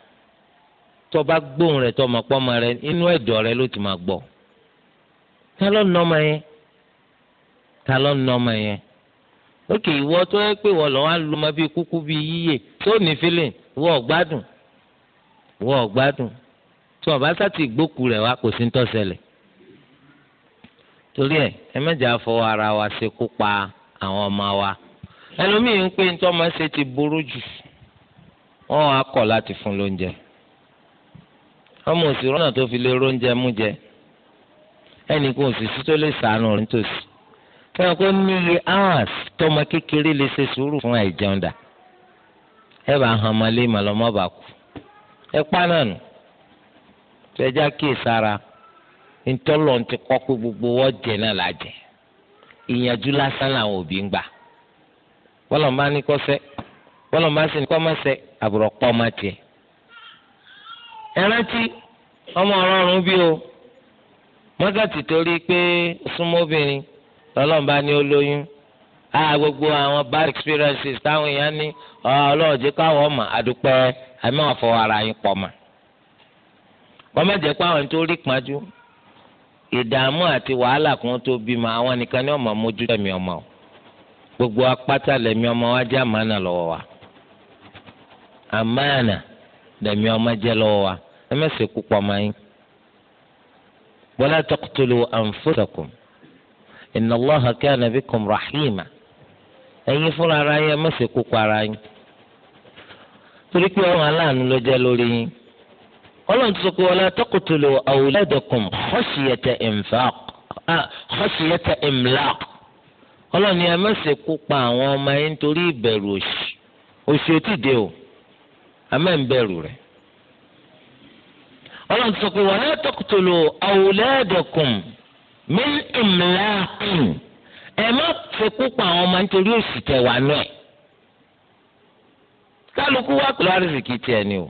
tó bá gbóhùn rẹ̀ tọmọ pọ́mọ rẹ̀ inú ẹ̀dọ̀ rẹ̀ ló ti máa gbọ́ ta ló ń nọmọ yẹn ta ló ń nọmọ yẹn ókè ìwọ tó yẹ pé wọ́n lọ́ wá lu ọmọ bíi kúkú bíi yíyè tó ní fílẹ̀ ìwọ ọ̀gbádùn ìwọ ọ̀gbádùn tí wọ́n bá gbókù rẹ̀ wá kò sí ń tọ́sẹ̀lẹ̀ torí ẹ ẹ mẹjọ ara wa ṣe kó pa àwọn ọmọ wa ẹlòmíì ń pè nítorí ọmọ ṣe ti burú jù wọn á kọ̀ láti fún lóúnjẹ ọmọ òsì rọnà tó fi lè róúnjẹ mú jẹ ẹnì kan òsì sí tó lè sàánù rẹ nítòsí fẹ́ràn kó ní iye hours tọmọ kékeré lè ṣe sùúrù fún àìjẹun dà ẹ bá hàn máa lé màlọ́mọ́ bá kú ẹ pa náà nù tẹ́já kíyèsára ntọ́lọ̀ ti kọ́ pé gbogbo wọ́n jẹ náà la jẹ ìyànjú lásán làwọn òbí ń gbà bọ́lọ̀ máa ní kọ́ sẹ́ bọ́lọ̀ máa sì ní máa sẹ́ àbúrò pọ́ máa tiẹ̀. ẹ rántí ọmọ bí o mọ́gàtì torí pé súnmọ́bìnrin lọ́lọ́mbà ni ó lóyún a gbogbo àwọn bad experiences táwọn èèyàn ní ọlọ́ọ̀jẹ́ káwọn ọmọ àdúpẹ́ àmì àfọwọ́ ara yín pọ̀ mà. wọ́n mẹ́jẹ̀ pé àwọn tó rí pọ́njú ìdààmú àti wàhálà kan tó bímọ àwọn nìkan ni ọmọ mójú tẹ̀mí ọmọ o gbogbo apáta lẹ̀mí ọmọ wa jẹ́ àmánà lọ́wọ́ wa àmánà lẹ̀mí ọmọ jẹ́ lọ́wọ́ wa ẹ mẹ́sẹ̀ púpọ̀ máa yín. wala taqtulu anfusakum inna Allaha kana bikum rahima ẹ̀yin fúnra ara yín ẹ mẹ́sẹ̀ ara yín torí pé ọ̀run aláàánú ló jẹ́ lórí yín ọlọ́run ti sọ pé wala taqtulu awladakum khashyata infaq khashyata imlaq ọlọ́run ni ẹ má ṣe kú pa àwọn ọmọ yín torí ìbẹ̀rù òṣì òṣì ò tí ì dé o àmọ́ ń bẹ̀rù rẹ̀ ọlọ́run ti sọ pé wala taqtulu awladakum min imlaqin ẹ má ṣe kú pa àwọn ọmọ nítorí òṣì tẹ̀wá náà kálukú wá pẹ̀lú àrísìkì tiẹ̀ ni o.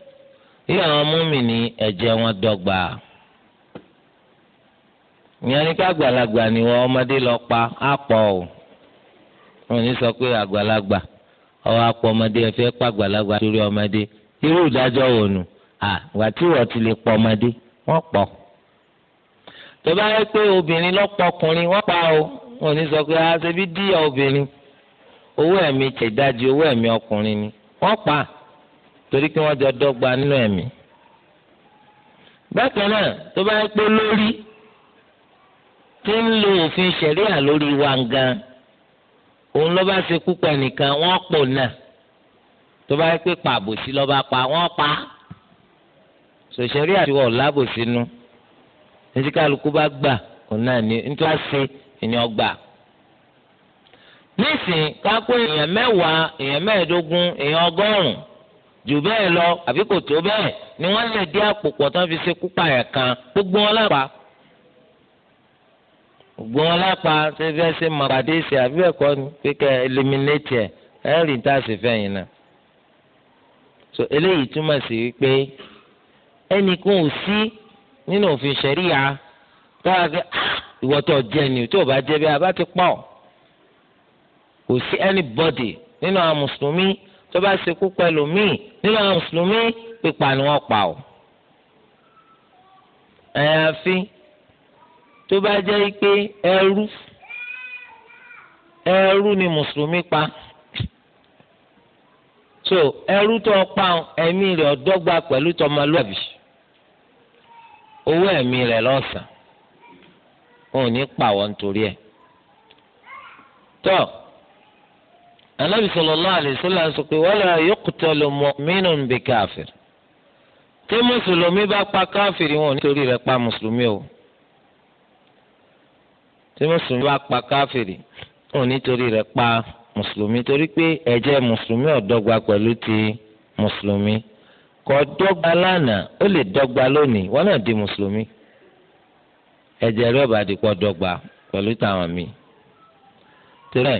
bí àwọn múmìnì ẹ̀jẹ̀ wọn dọ́gba ìyẹn ní ká àgbàlagbà ni wọn ọmọdé lọ pa á pọ̀ o wọn ní sọ pé àgbàlagbà ọwọ́ apọ̀ ọmọdé ẹ fẹ́ pa àgbàlagbà torí ọmọdé irú ìdájọ́ wò nù àgbà tí wọ́n ti lè pọ̀ ọmọdé wọ́n pọ̀ tó bá yẹ pé obìnrin lọ́pọ̀ ọkùnrin wọ́n pa o wọn ní sọ pé a ṣe bí díyà obìnrin owó ẹ̀mí tẹ̀dájú owó ẹ̀mí ọkùnrin ni wọ́n pa á torí kí wọ́n jọ dọ́gba nínú ẹ̀mí. bákan náà tó bá ń pé lórí tí ń lo òfin ṣẹ̀ríà lórí wa gan òun ló bá ṣe púpọ̀ nìkan wọ́n pọ̀ náà tó bá ń pé pàbòsí lọ́ba pa wọ́n pa sòṣẹ̀ríà ti wọ̀ lábòsí nu títí kálukú bá gbà òun náà ní nítorí ènìyàn gbà nísìnyí ká èèyàn mẹ́wàá èèyàn mẹ́ẹ̀ẹ́dógún èèyàn ọgọ́rùn-ún jù bẹ́ẹ̀ lọ àbí kò tó bẹ́ẹ̀ ni wọ́n lè dé àpò pọ̀ tán fi ṣe kúpa ẹ̀ kan gbogbo wọn lápá gbogbo wọn lápá ṣe fẹ́ ṣe màpàdé ṣe àbí bẹ́ẹ̀ kọ́ ni pé kẹ́ eliminate ẹ̀ ẹ̀ rí tá a ṣe fẹ́ yìí náà so eléyìí túmọ̀ sí wípé ẹnìkan ò sí nínú òfin ṣẹ̀ríya tọ́wọ́ pé ah, ìwọ tó jẹ ni tó o bá jẹ bí a bá ti pọ̀ kò sí anybody nínú àwọn mùsùlùmí tó bá ṣekú pẹ̀lú míì nínú àwọn mùsùlùmí pípa ni wọ́n pa ọ́. àyàfi tó bá jẹ́ pé ẹrú ẹrú ni mùsùlùmí pa so ẹrú tó pa ẹ̀mí rẹ̀ ọ̀dọ́gba pẹ̀lú tọmọlúwàbí owó ẹ̀mí rẹ̀ lọ́sàn-án òun ní pàwọ́ nítorí ẹ̀ tọ́ anabi sallallahu alaihi wasallam sọ pé wala yuqtalu mu'minun bi káfíìr tí mùsùlùmí bá pa káfíìrì wọn nítorí rẹ̀ pa mùsùlùmí o tí mùsùlùmí bá pa káfíìrì wọn nítorí rẹ̀ pa mùsùlùmí torí pé ẹ̀jẹ̀ mùsùlùmí ò dọ́gba pẹ̀lú ti mùsùlùmí kò dọ́gba lánàá ó lè dọ́gba lónìí wọn náà di mùsùlùmí ẹ̀jẹ̀ rẹ̀ ò bá di pọ̀ dọ́gba míì torí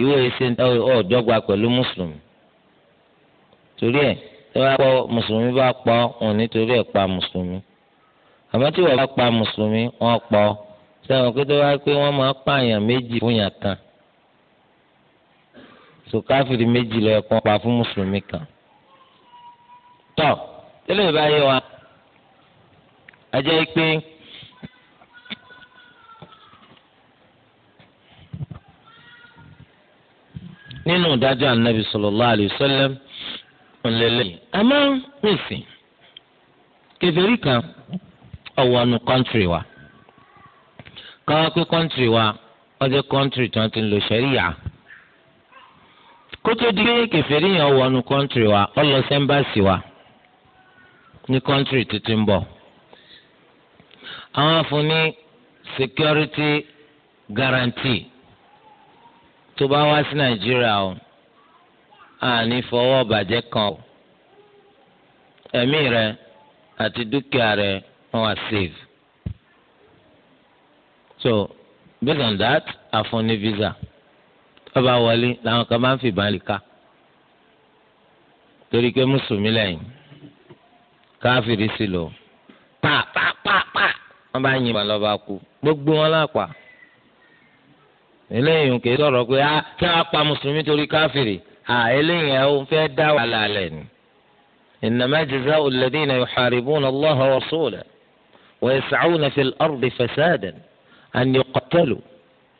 ìwé ẹsẹ ọ̀dọ́gba pẹ̀lú mùsùlùmí torí ẹ̀ tí wọ́n pọ̀ mùsùlùmí bá pọ̀ wọn nítorí ẹ̀ pa mùsùlùmí àmọ́ tí wọ́n bá pa mùsùlùmí wọ́n pọ̀ sẹ́wọ̀n pé tó bá pé wọ́n máa pààyàn méjì fún yàn kan sòkáfìrí méjì lọ ẹ̀kọ́ pa fún mùsùlùmí kan tọ́ tẹ́lẹ̀ bá wa a pé. nínú ìdájọ́ anabi sallallahu alayhi wa sallam ńlẹ́lẹ́. àmọ́ nìsín kẹfẹ́rí kan ọ̀wọ́ nu kọ́ńtìrì wa káwá pé kọ́ńtìrì wa wọ́n jẹ́ kọ́ńtìrì tí wọ́n ti ń lo sẹ́ríyà kótó di kẹfẹ́rí yẹn ọ̀wọ́ nu kọ́ńtìrì wa ó lọ sẹ́ńbàsì wa ní kọ́ńtìrì tuntun bọ̀ àwọn afun security guarantee tó bá wá sí nàìjíríà o àní fọwọ́ bàjẹ́ kan o ẹ̀mí rẹ àti dúkìá rẹ wọ́n wá save so based on that àfúnni visa tó bá wọlé làwọn kan máa ń fìbọn lè ká torí pé mùsùlùmí lẹ́yìn káfíìrì sí lò pàápàápàá wọ́n bá yìnbọn lọ́ba kú gbogbo wọn lápá. eléyìí kì í sọ̀rọ̀ pé á ah, kí wọ́n pa mùsùlùmí torí káfìrì à eléyìí ẹ̀ ń fẹ́ dá wàhálà alẹ́ ni. إنما جزاء الذين يحاربون الله ورسوله ويسعون في الأرض فسادا أن يقتلوا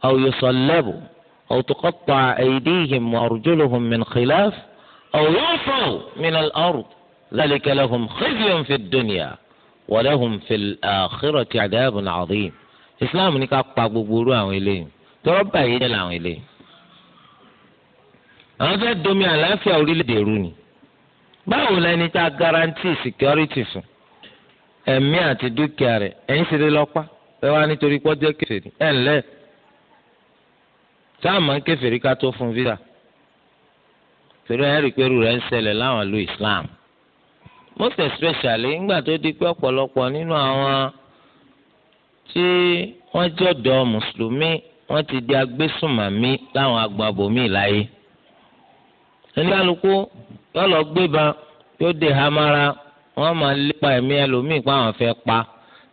أو يصلبوا أو تقطع أيديهم وأرجلهم من خلاف أو يعفوا من الأرض ذلك لهم خزي في الدنيا ولهم في الآخرة عذاب عظيم إسلام نكاك بابو بورو tọrọ báyìí jẹ́ làwọn ilé àwọn domi àlàáfíà orílẹ̀ rú ni a garanti security fún ẹ̀mí àti dúkìá rẹ̀ ẹ̀yin sì lè lọ́pá ẹ wá nítorí pọ́jọ́ kẹfẹ́rì máa ń fún visa torí ẹ̀ rí i pé irú rẹ̀ ń láwọn ìlú Islam most especially ńgbà tó di pé ọ̀pọ̀lọpọ̀ nínú àwọn tí wọ́n jọ̀dọ̀ mùsùlùmí wọ́n ti di agbésùnmàmí láwọn agbábòmíì láyé oníkálukú yóò lọ ba, yóò dé hamara wọ́n máa lépa ẹ̀mí ẹlòmíì pa àwọn fẹ́ pa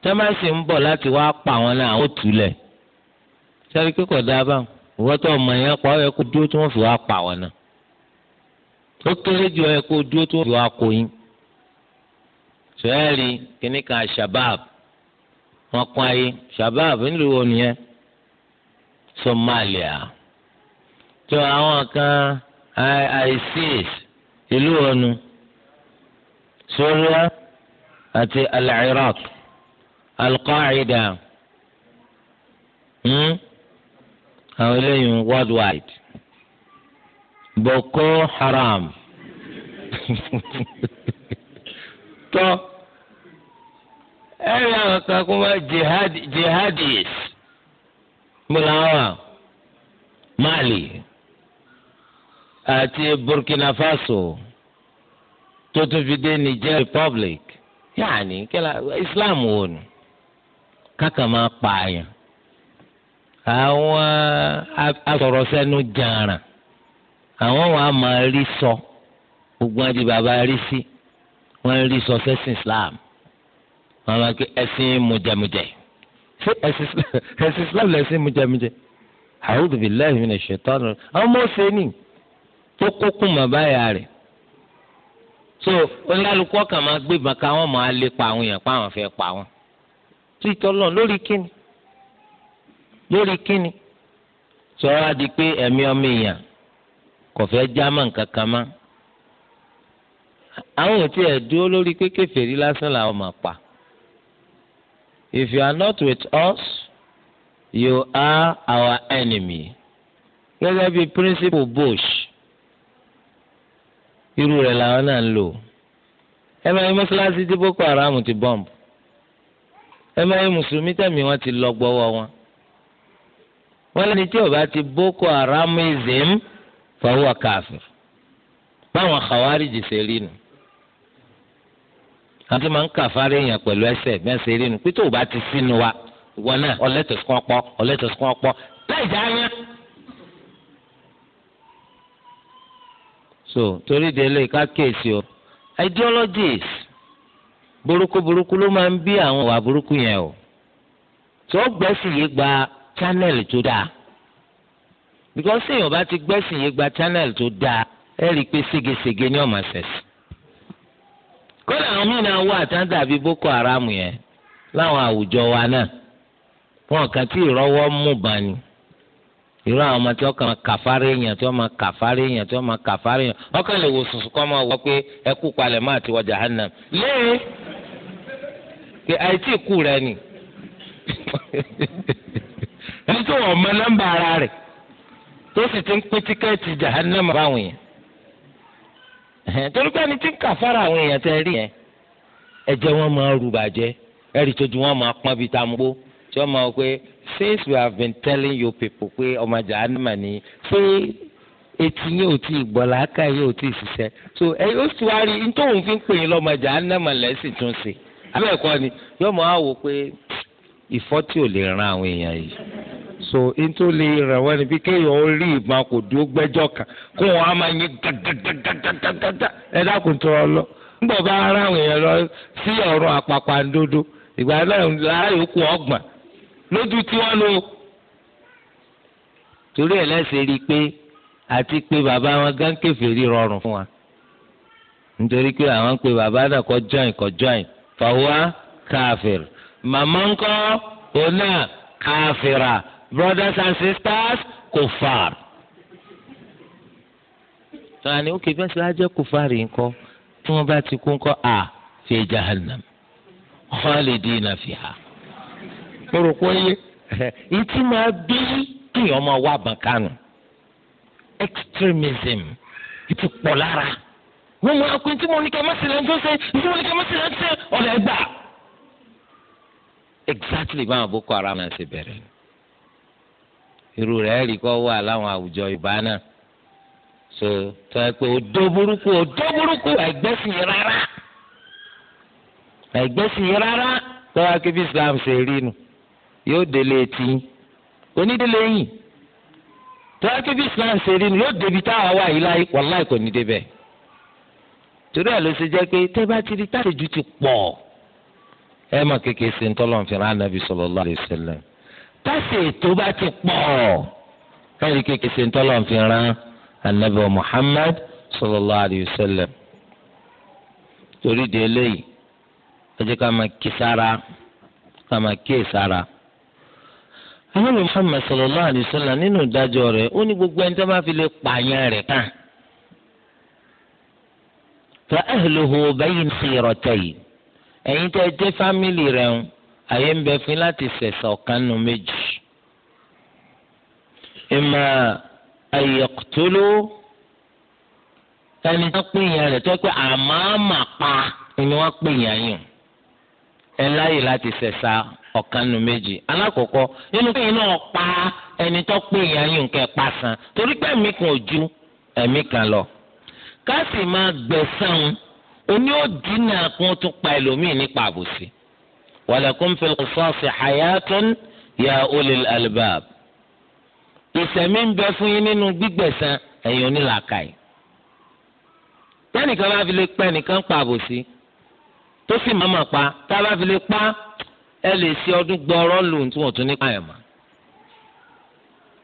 tẹmẹsì ń bọ̀ láti wá pa àwọn náà ó túlẹ̀ sẹ́rí kíkọ̀ dábà ìwọ́tọ̀ ọmọ yẹn pa ọ̀yẹ́ kó dúró tí wọ́n fi wá pa àwọn náà ó kéré ju ọ̀yẹ́ kó dúró tí wọ́n fi wá kó yín sọ́yẹ́rì kìnnìkan shabab wọ́n kọ́ ayé shabab ńlùú wọn nìyẹn Somalia tó àwọn kan ISIS ìlú ọ̀nù Syria àti al-Iraq al-Qaida hmm? àwọn eléyìí worldwide Boko Haram [laughs] tó ẹ̀rí àwọn kan kó máa jihad mbola wa Mali ati Burkina Faso tó tún fi Niger Republic yaani kila Islam wò ni kàkà máa pààyàn àwọn asọ̀rọ̀sẹ́nu jàǹrà àwọn wa máa rí sọ gbogbo àti bàbá rí sí wọ́n rí sọ sẹ́sìn Islam wọ́n máa kí ẹ̀sìn mùjẹ̀mùjẹ̀ ṣé ẹ̀sìn islam lẹ́sìn mújẹmújẹ a'udhu billahi minash shaitani àwọn ọmọ ṣe ni tó kókùn mọ̀ báyà rẹ̀ so oníkálukú ọkàn máa gbé ìbọn ká wọn máa lè pa àwọn èèyàn pa àwọn fẹ́ pa wọn tí tọ́lọ̀ lórí kíni lórí kíni sọ̀rọ̀ adi pé ẹ̀mí ọmọ èèyàn kò fẹ́ jámà nǹkan kan mọ́ àwọn èèyàn tí ẹ̀ dúró lórí pé lásán làwọn máa pa. If you are not with us, you are our enemy. Gẹ́gẹ́ bí principal Bush, irú rẹ̀ làwọn náà ń lò. Ẹ máa yí mọ́ṣáláṣí tí Boko Haram ti bọ́m̀bù. Ẹ máa yí Mùsùlùmí tẹ̀mí wọn ti lọ gbọ́wọ́ wọn. Wọ́n lẹ́ni tí ọba ti Boko Haramism fọwọ́ káfíìn. Báwọn Khawarij ṣe rí nu àti máa ń kà fárí èèyàn pẹ̀lú ẹsẹ̀ bí wọ́n ṣe rí nu pé tó o bá ti sínú wa ìwọ náà ọlẹ́tọ̀sùn ọpọ ọlẹ́tọ̀sùn ọpọ láì dá yẹn. so torí délé ká kéèsì o ideologies burúkú burúkú ló máa ń bí àwọn ìwà burúkú yẹn o tó gbẹ́sì yìí gba channel tó dáa because èèyàn bá ti gbẹ́sì yìí gba channel tó dáa ẹ rí i pé ségesège ni ọ̀ma ṣẹ̀ṣẹ̀. kódà àwọn míì náà wà tán boko haram yẹn láwọn àwùjọ wa náà wọn kàn tí ìrọwọ́ mú bá ni irú àwọn ọmọ tí ọ kàn máa kàfárẹ èèyàn tí wọn máa kàfárẹ èèyàn tí wọn máa kàfárẹ èèyàn ọkàn lè wò sùsù kọ́ máa wọ pé ẹ palẹ̀ máa ti wọ jahannam pé àìtí kú ni [laughs] tó wọ̀ ọmọ ara torí pé ẹni tí ń kà fara àwọn èèyàn tẹ rí yẹn ẹ̀jẹ̀ wọn máa rú bàjẹ́ ẹ̀rí tójú wọn máa pọ́n bíi tambo tí wọ́n máa pé since we have been telling you people pé ọmọ jàánùmá ni pé etí yín ò tí ì gbọ́ làákà yín ò tí ì ṣiṣẹ́ so ẹ yóò sì wá rí nítorí fi ń pè yín lọ́mọ jàánùmá lẹ́sìn tún sí abẹ́ẹ̀kọ́ ni yóò máa wò pé ìfọ́ tí ò lè ran àwọn èèyàn yìí so nítorí lè ra wọ́n ni bí kéèyàn ó rí ìbọn kò dúró gbẹ́jọ́ kan kó wọn á máa yín ẹ dákun tó ọ lọ nígbà bá ara àwọn èèyàn lọ sí ọ̀run àpàpàǹdodo ìgbà náà láàyò kù ọgbọ̀n lójú tí wọ́n lò. torí ẹ̀ lẹ́sẹ̀ rí i pé àti pé bàbá wọn gán kèfèrí rọrùn fún wa nítorí pé àwọn pe bàbá náà join kọ́ join fàwa káfíìr màmá ńkọ́ òun náà brothers and sisters kufar. sọ̀rọ̀ ni ó kì í fẹ́ sọ ajẹ́ kufar nǹkan tí wọ́n bá ti kú nǹkan à fi jahannam khalidina fiha. mo rò pé yé [laughs] ìtì máa bí kéèyàn máa wá bàkánù extremism ti pọ̀ lára wọ́n mú akun tí mo ní ká má sílẹ̀ ń tó ṣe tí mo ní ká má sílẹ̀ ń tó ṣe ọ̀lẹ́ exactly báwọn boko haram náà ṣe bẹ̀rẹ̀ ni irú rẹ̀ rí kọ́ wà láwọn àwùjọ ìbá náà so tó ẹ pé odó burúkú odó burúkú ẹgbẹ́sìn rárá ẹgbẹ́sìn rárá tó wá Islam ṣe rí nu yóò délé etí onídélé yìí tó wá Islam ṣe rí nu yóò débi táwa wà yìí láyé wàláì kò ní débẹ̀ torí ló ṣe jẹ́ pé tẹ́ bá ti rí tàlejò ti pọ̀ ẹ mọ̀ kékeré tásì ètò bá ti pọ̀ ẹ̀rí kékeré ṣe ń tọ́lọ̀ fi ran anabi muhammad sallallahu alayhi wa sallam torí de eléyìí ẹ jẹ́ ká máa kí sára ká máa kí sára anabi muhammad sallallahu alayhi wa sallam nínú ìdájọ́ rẹ̀ ó ní gbogbo ẹni tó bá fi lè pààyàn rẹ̀ kàn fa ahluhu bayna siratayn ẹ̀yin tẹ́ jẹ́ fámìlì rẹ̀ ń àyè ń bẹ fún láti sẹ̀sà ọ̀kan nù méjì. ìmọ̀ àyẹ̀kùtóló ẹni tó pè yàn rẹ̀ tó pé àmàmà pa ni wọ́n pè yàn yàn ẹ láyè láti sẹ̀sà ọ̀kan nù méjì. alákọ̀ọ́kọ́ nínú pé iná pa ẹni tó pè yàn yàn kẹ́ pa san torí pé ẹ̀mí kan ò ju ẹ̀mí kan lọ. ká sì máa gbẹ̀san oní òdínà kún tó pa ẹlòmíì nípa àbòsí. ولكم في qisasi حياة ya ulil albab. ìṣẹ̀mí ń bẹ fún yín nínú gbígbẹ̀san ẹ̀yin onílàkàyè. tẹ́nìkan bá fi lè pẹ́ nìkan pa àbòsí tó sì máa máa pa tá a bá fi lè pa ẹ lè ṣe ọdún gbọ́ọ́rọ́ lòun tí wọ́n tún ní pààyàn mọ́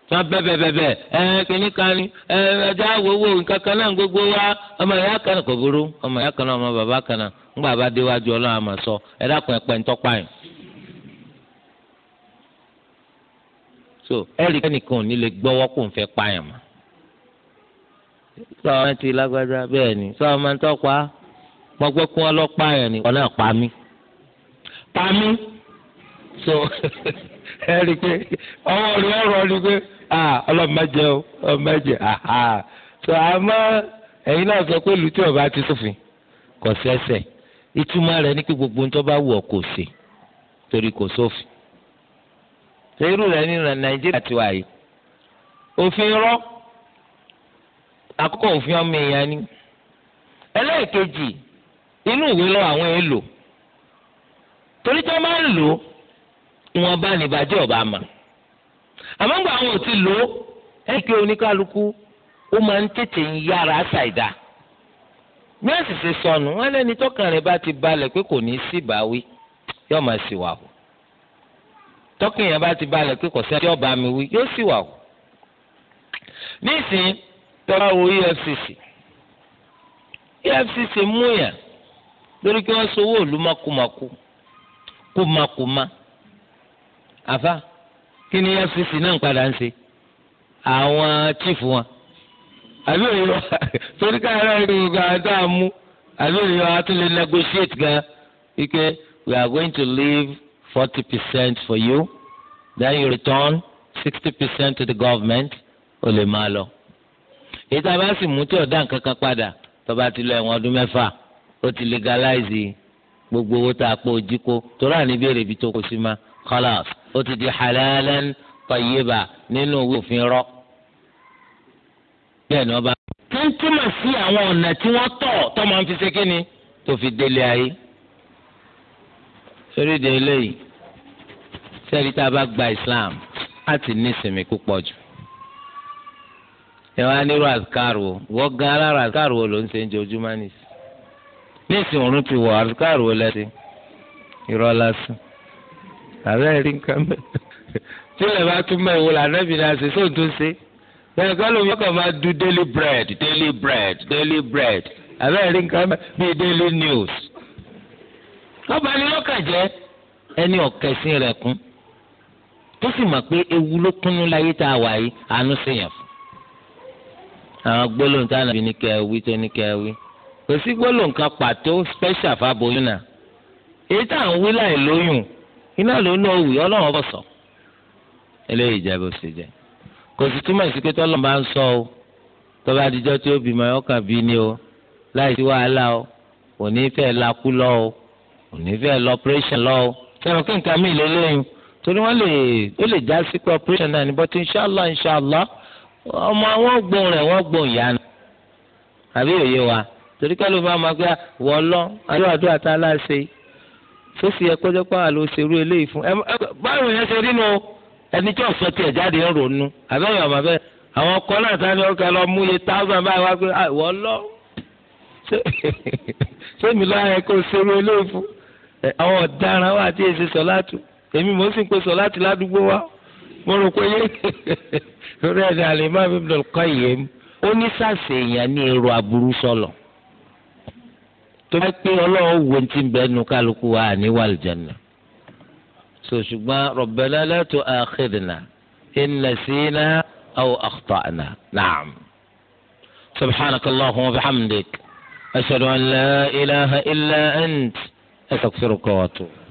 tọ́ bẹ́bẹ́bẹ́bẹ́ ẹ kìíní kan ni ẹ ẹja wo wo nǹkan kan náà gbogbo wa ọmọ ìyá kan kò burú ọmọ ìyá kan náà ọmọ bàbá kan náà ńgbà bá déwájú ọlọ́run àmọ̀ sọ ẹ dákun ẹ pẹ́ ń tọ́pá yìí. so ẹ̀rí kẹ́nìkan ò ní lè gbọ́wọ́ kó ń fẹ́ pààyàn mọ́. sọ wọn ti lágbájá bẹ́ẹ̀ ni sọ wọn ń tọ́pa gbọ́gbọ́ kún ọ lọ́pààyàn ni ọ̀nà pa mí. pa mí so [laughs] ẹ̀rí pé ọwọ́ rẹ̀ ọ̀rọ̀ ni pé ọlọ́mọdé o so àmọ́ ẹ̀yin náà sọ pé lùtí ọba ti sófin kò sẹ́sẹ̀. ìtumọ̀ rẹ̀ ní kí gbogbo ń tó bá wù ọ́ kò sí torí kò sófin. irú rẹ̀ ní nàìjíríà tiwa yìí òfin rọ àkọ́kọ́ òfin ọmọ èèyàn ni ẹlẹ́ẹ̀kejì inú ìwé lọ àwọn èèlò torí tí wọ́n máa ń wọn bá níbàjẹ́ ọba mà àmọ́ gbà ò ti lò ó oníkálukú ó bí wọ́n sì ṣe sọnù wọ́n lẹ́ni tọ́kàn rẹ̀ bá ti balẹ̀ pé kò ní í sí ìbáwí yóò máa sì wà o tọ́kàn yẹn bá ti balẹ̀ pé kò sí ẹjọ́ bá mi wí yóò sì wà o. nísìnyí tọ́lá wo EFCC EFCC mú yàn lórí kí wọ́n sowó òlu makumaku kúmakuma àfa kí ni EFCC náà ń padà ń ṣe àwọn chiefu wọn àbí òye wa [laughs] torí káyọ̀ rí gbogbo àwọn tá a mú àbí òye wa tún lè negotiate gan wípé we are going to leave forty percent for you then you return sixty percent to the government O lè máa lọ. èyí tá a bá sì mú tí ọ̀dà nǹkan kan padà tó bá ti lọ ẹ̀wọ̀n ọdún mẹ́fà ó ti legalize gbogbo owó tá a pọ̀ ojú kó torí àní béèrè ibi tó kó sí ma kọ́lá ó ti di halalan tayyiba nínú òwe òfin rọ́ọ̀ bẹ́ẹ̀ ni wọ́n bá. tó ń túmọ̀ sí àwọn ọ̀nà tí wọ́n tọ̀ tó máa ń fi ṣe kíni tó fi délé ayé. sórí ìdè eléyìí sẹ́ẹ̀rí tá a bá gba Islam á ti ní ìsinmi púpọ̀ jù. ẹ wá nírú àzikárò wọ́n gan alára àzikárò ló ń ṣe ń jojúmọ́ nìsí. ní ìsìn òórùn ti wọ̀ àzikárò lẹ́sìn irọ́ lásán. àbẹ́rẹ́ rí nǹkan mẹ́rin. [laughs] tí ilẹ̀ bá tún mẹ́wò lànà àṣẹ sóòtú ṣe. bẹ́ẹ̀ kọ́lù yóò kàn máa du daily bread daily bread daily bread abẹ́rẹ́ nǹkan bíi daily news. lọ́ba ni lọ́kàn jẹ́ ẹni ọ̀kẹ́sìn rẹ̀ kún tó sì mọ̀ pé ewu ló kúnnú láyé tá a wà yìí àánú sèyàn fún. àwọn gbólóhùn tá a nàbí ní kẹwí tó ní kẹwí kò sí gbólóhùn kan pàtó special fáboyún náà èyí tá à ń wí láì lóyún iná ló ń náà ọlọ́run kò sì túmọ̀ sí pé tọ́lọ́ máa ń sọ o tọ́ba àdìjọ́ tí ó bímọ ọkàn bí ni o láì sí wàhálà o òní fẹ́ lakú lọ o òní fẹ́ lọ operation lọ o sẹ́wọ̀n kí nǹkan mi lélẹ́yìn torí wọ́n lè ó lè já sí pé operation náà ní bọ́tí inṣàlá inṣàlá ọmọ àwọn gbóhùn rẹ̀ wọ́n gbóhùn yá ni àbí òye wa torí kálù bá máa gbé wọ́ lọ àdúrà àdúrà tá a láṣẹ sófì ẹ kọjọ́ pààlọ́ ṣerú eléyìí fún ẹ báwo yẹn ṣe rí nu o ẹni tí ọ̀sọ́ tiẹ̀ jáde ń ronú àbẹ́yẹ ọ̀mọ̀ bẹ́ẹ̀ àwọn ọkọ náà sáré ọkọ lọ mú iye táwọn báyìí wá pé àìwọ́ ah, lọ ṣé [laughs] mi lọ́wọ́ ẹ kó ṣeré olóòfù àwọn ọ̀daràn wa àti èsì sọ̀láàtù èmi mò ń sìn pé sọ̀láàtù ládùúgbò wa mo rò pé yé [laughs] lórí ẹ̀dá àlèmọ́ mi lọ kọ́ ìyè mi ó ní sàṣẹ èèyàn ní èrò aburú sọlọ tó bá pé ọlọ́run wo ti ń bẹ́ẹ̀ nu kálukú wa àníwá àlùjànnà so ṣùgbọ́n Rabbana la tu'akhidhna in nasina aw akhta'na na'am. سبحانك اللهم وبحمدك أشهد أن لا إله إلا أنت أستغفرك وأتوب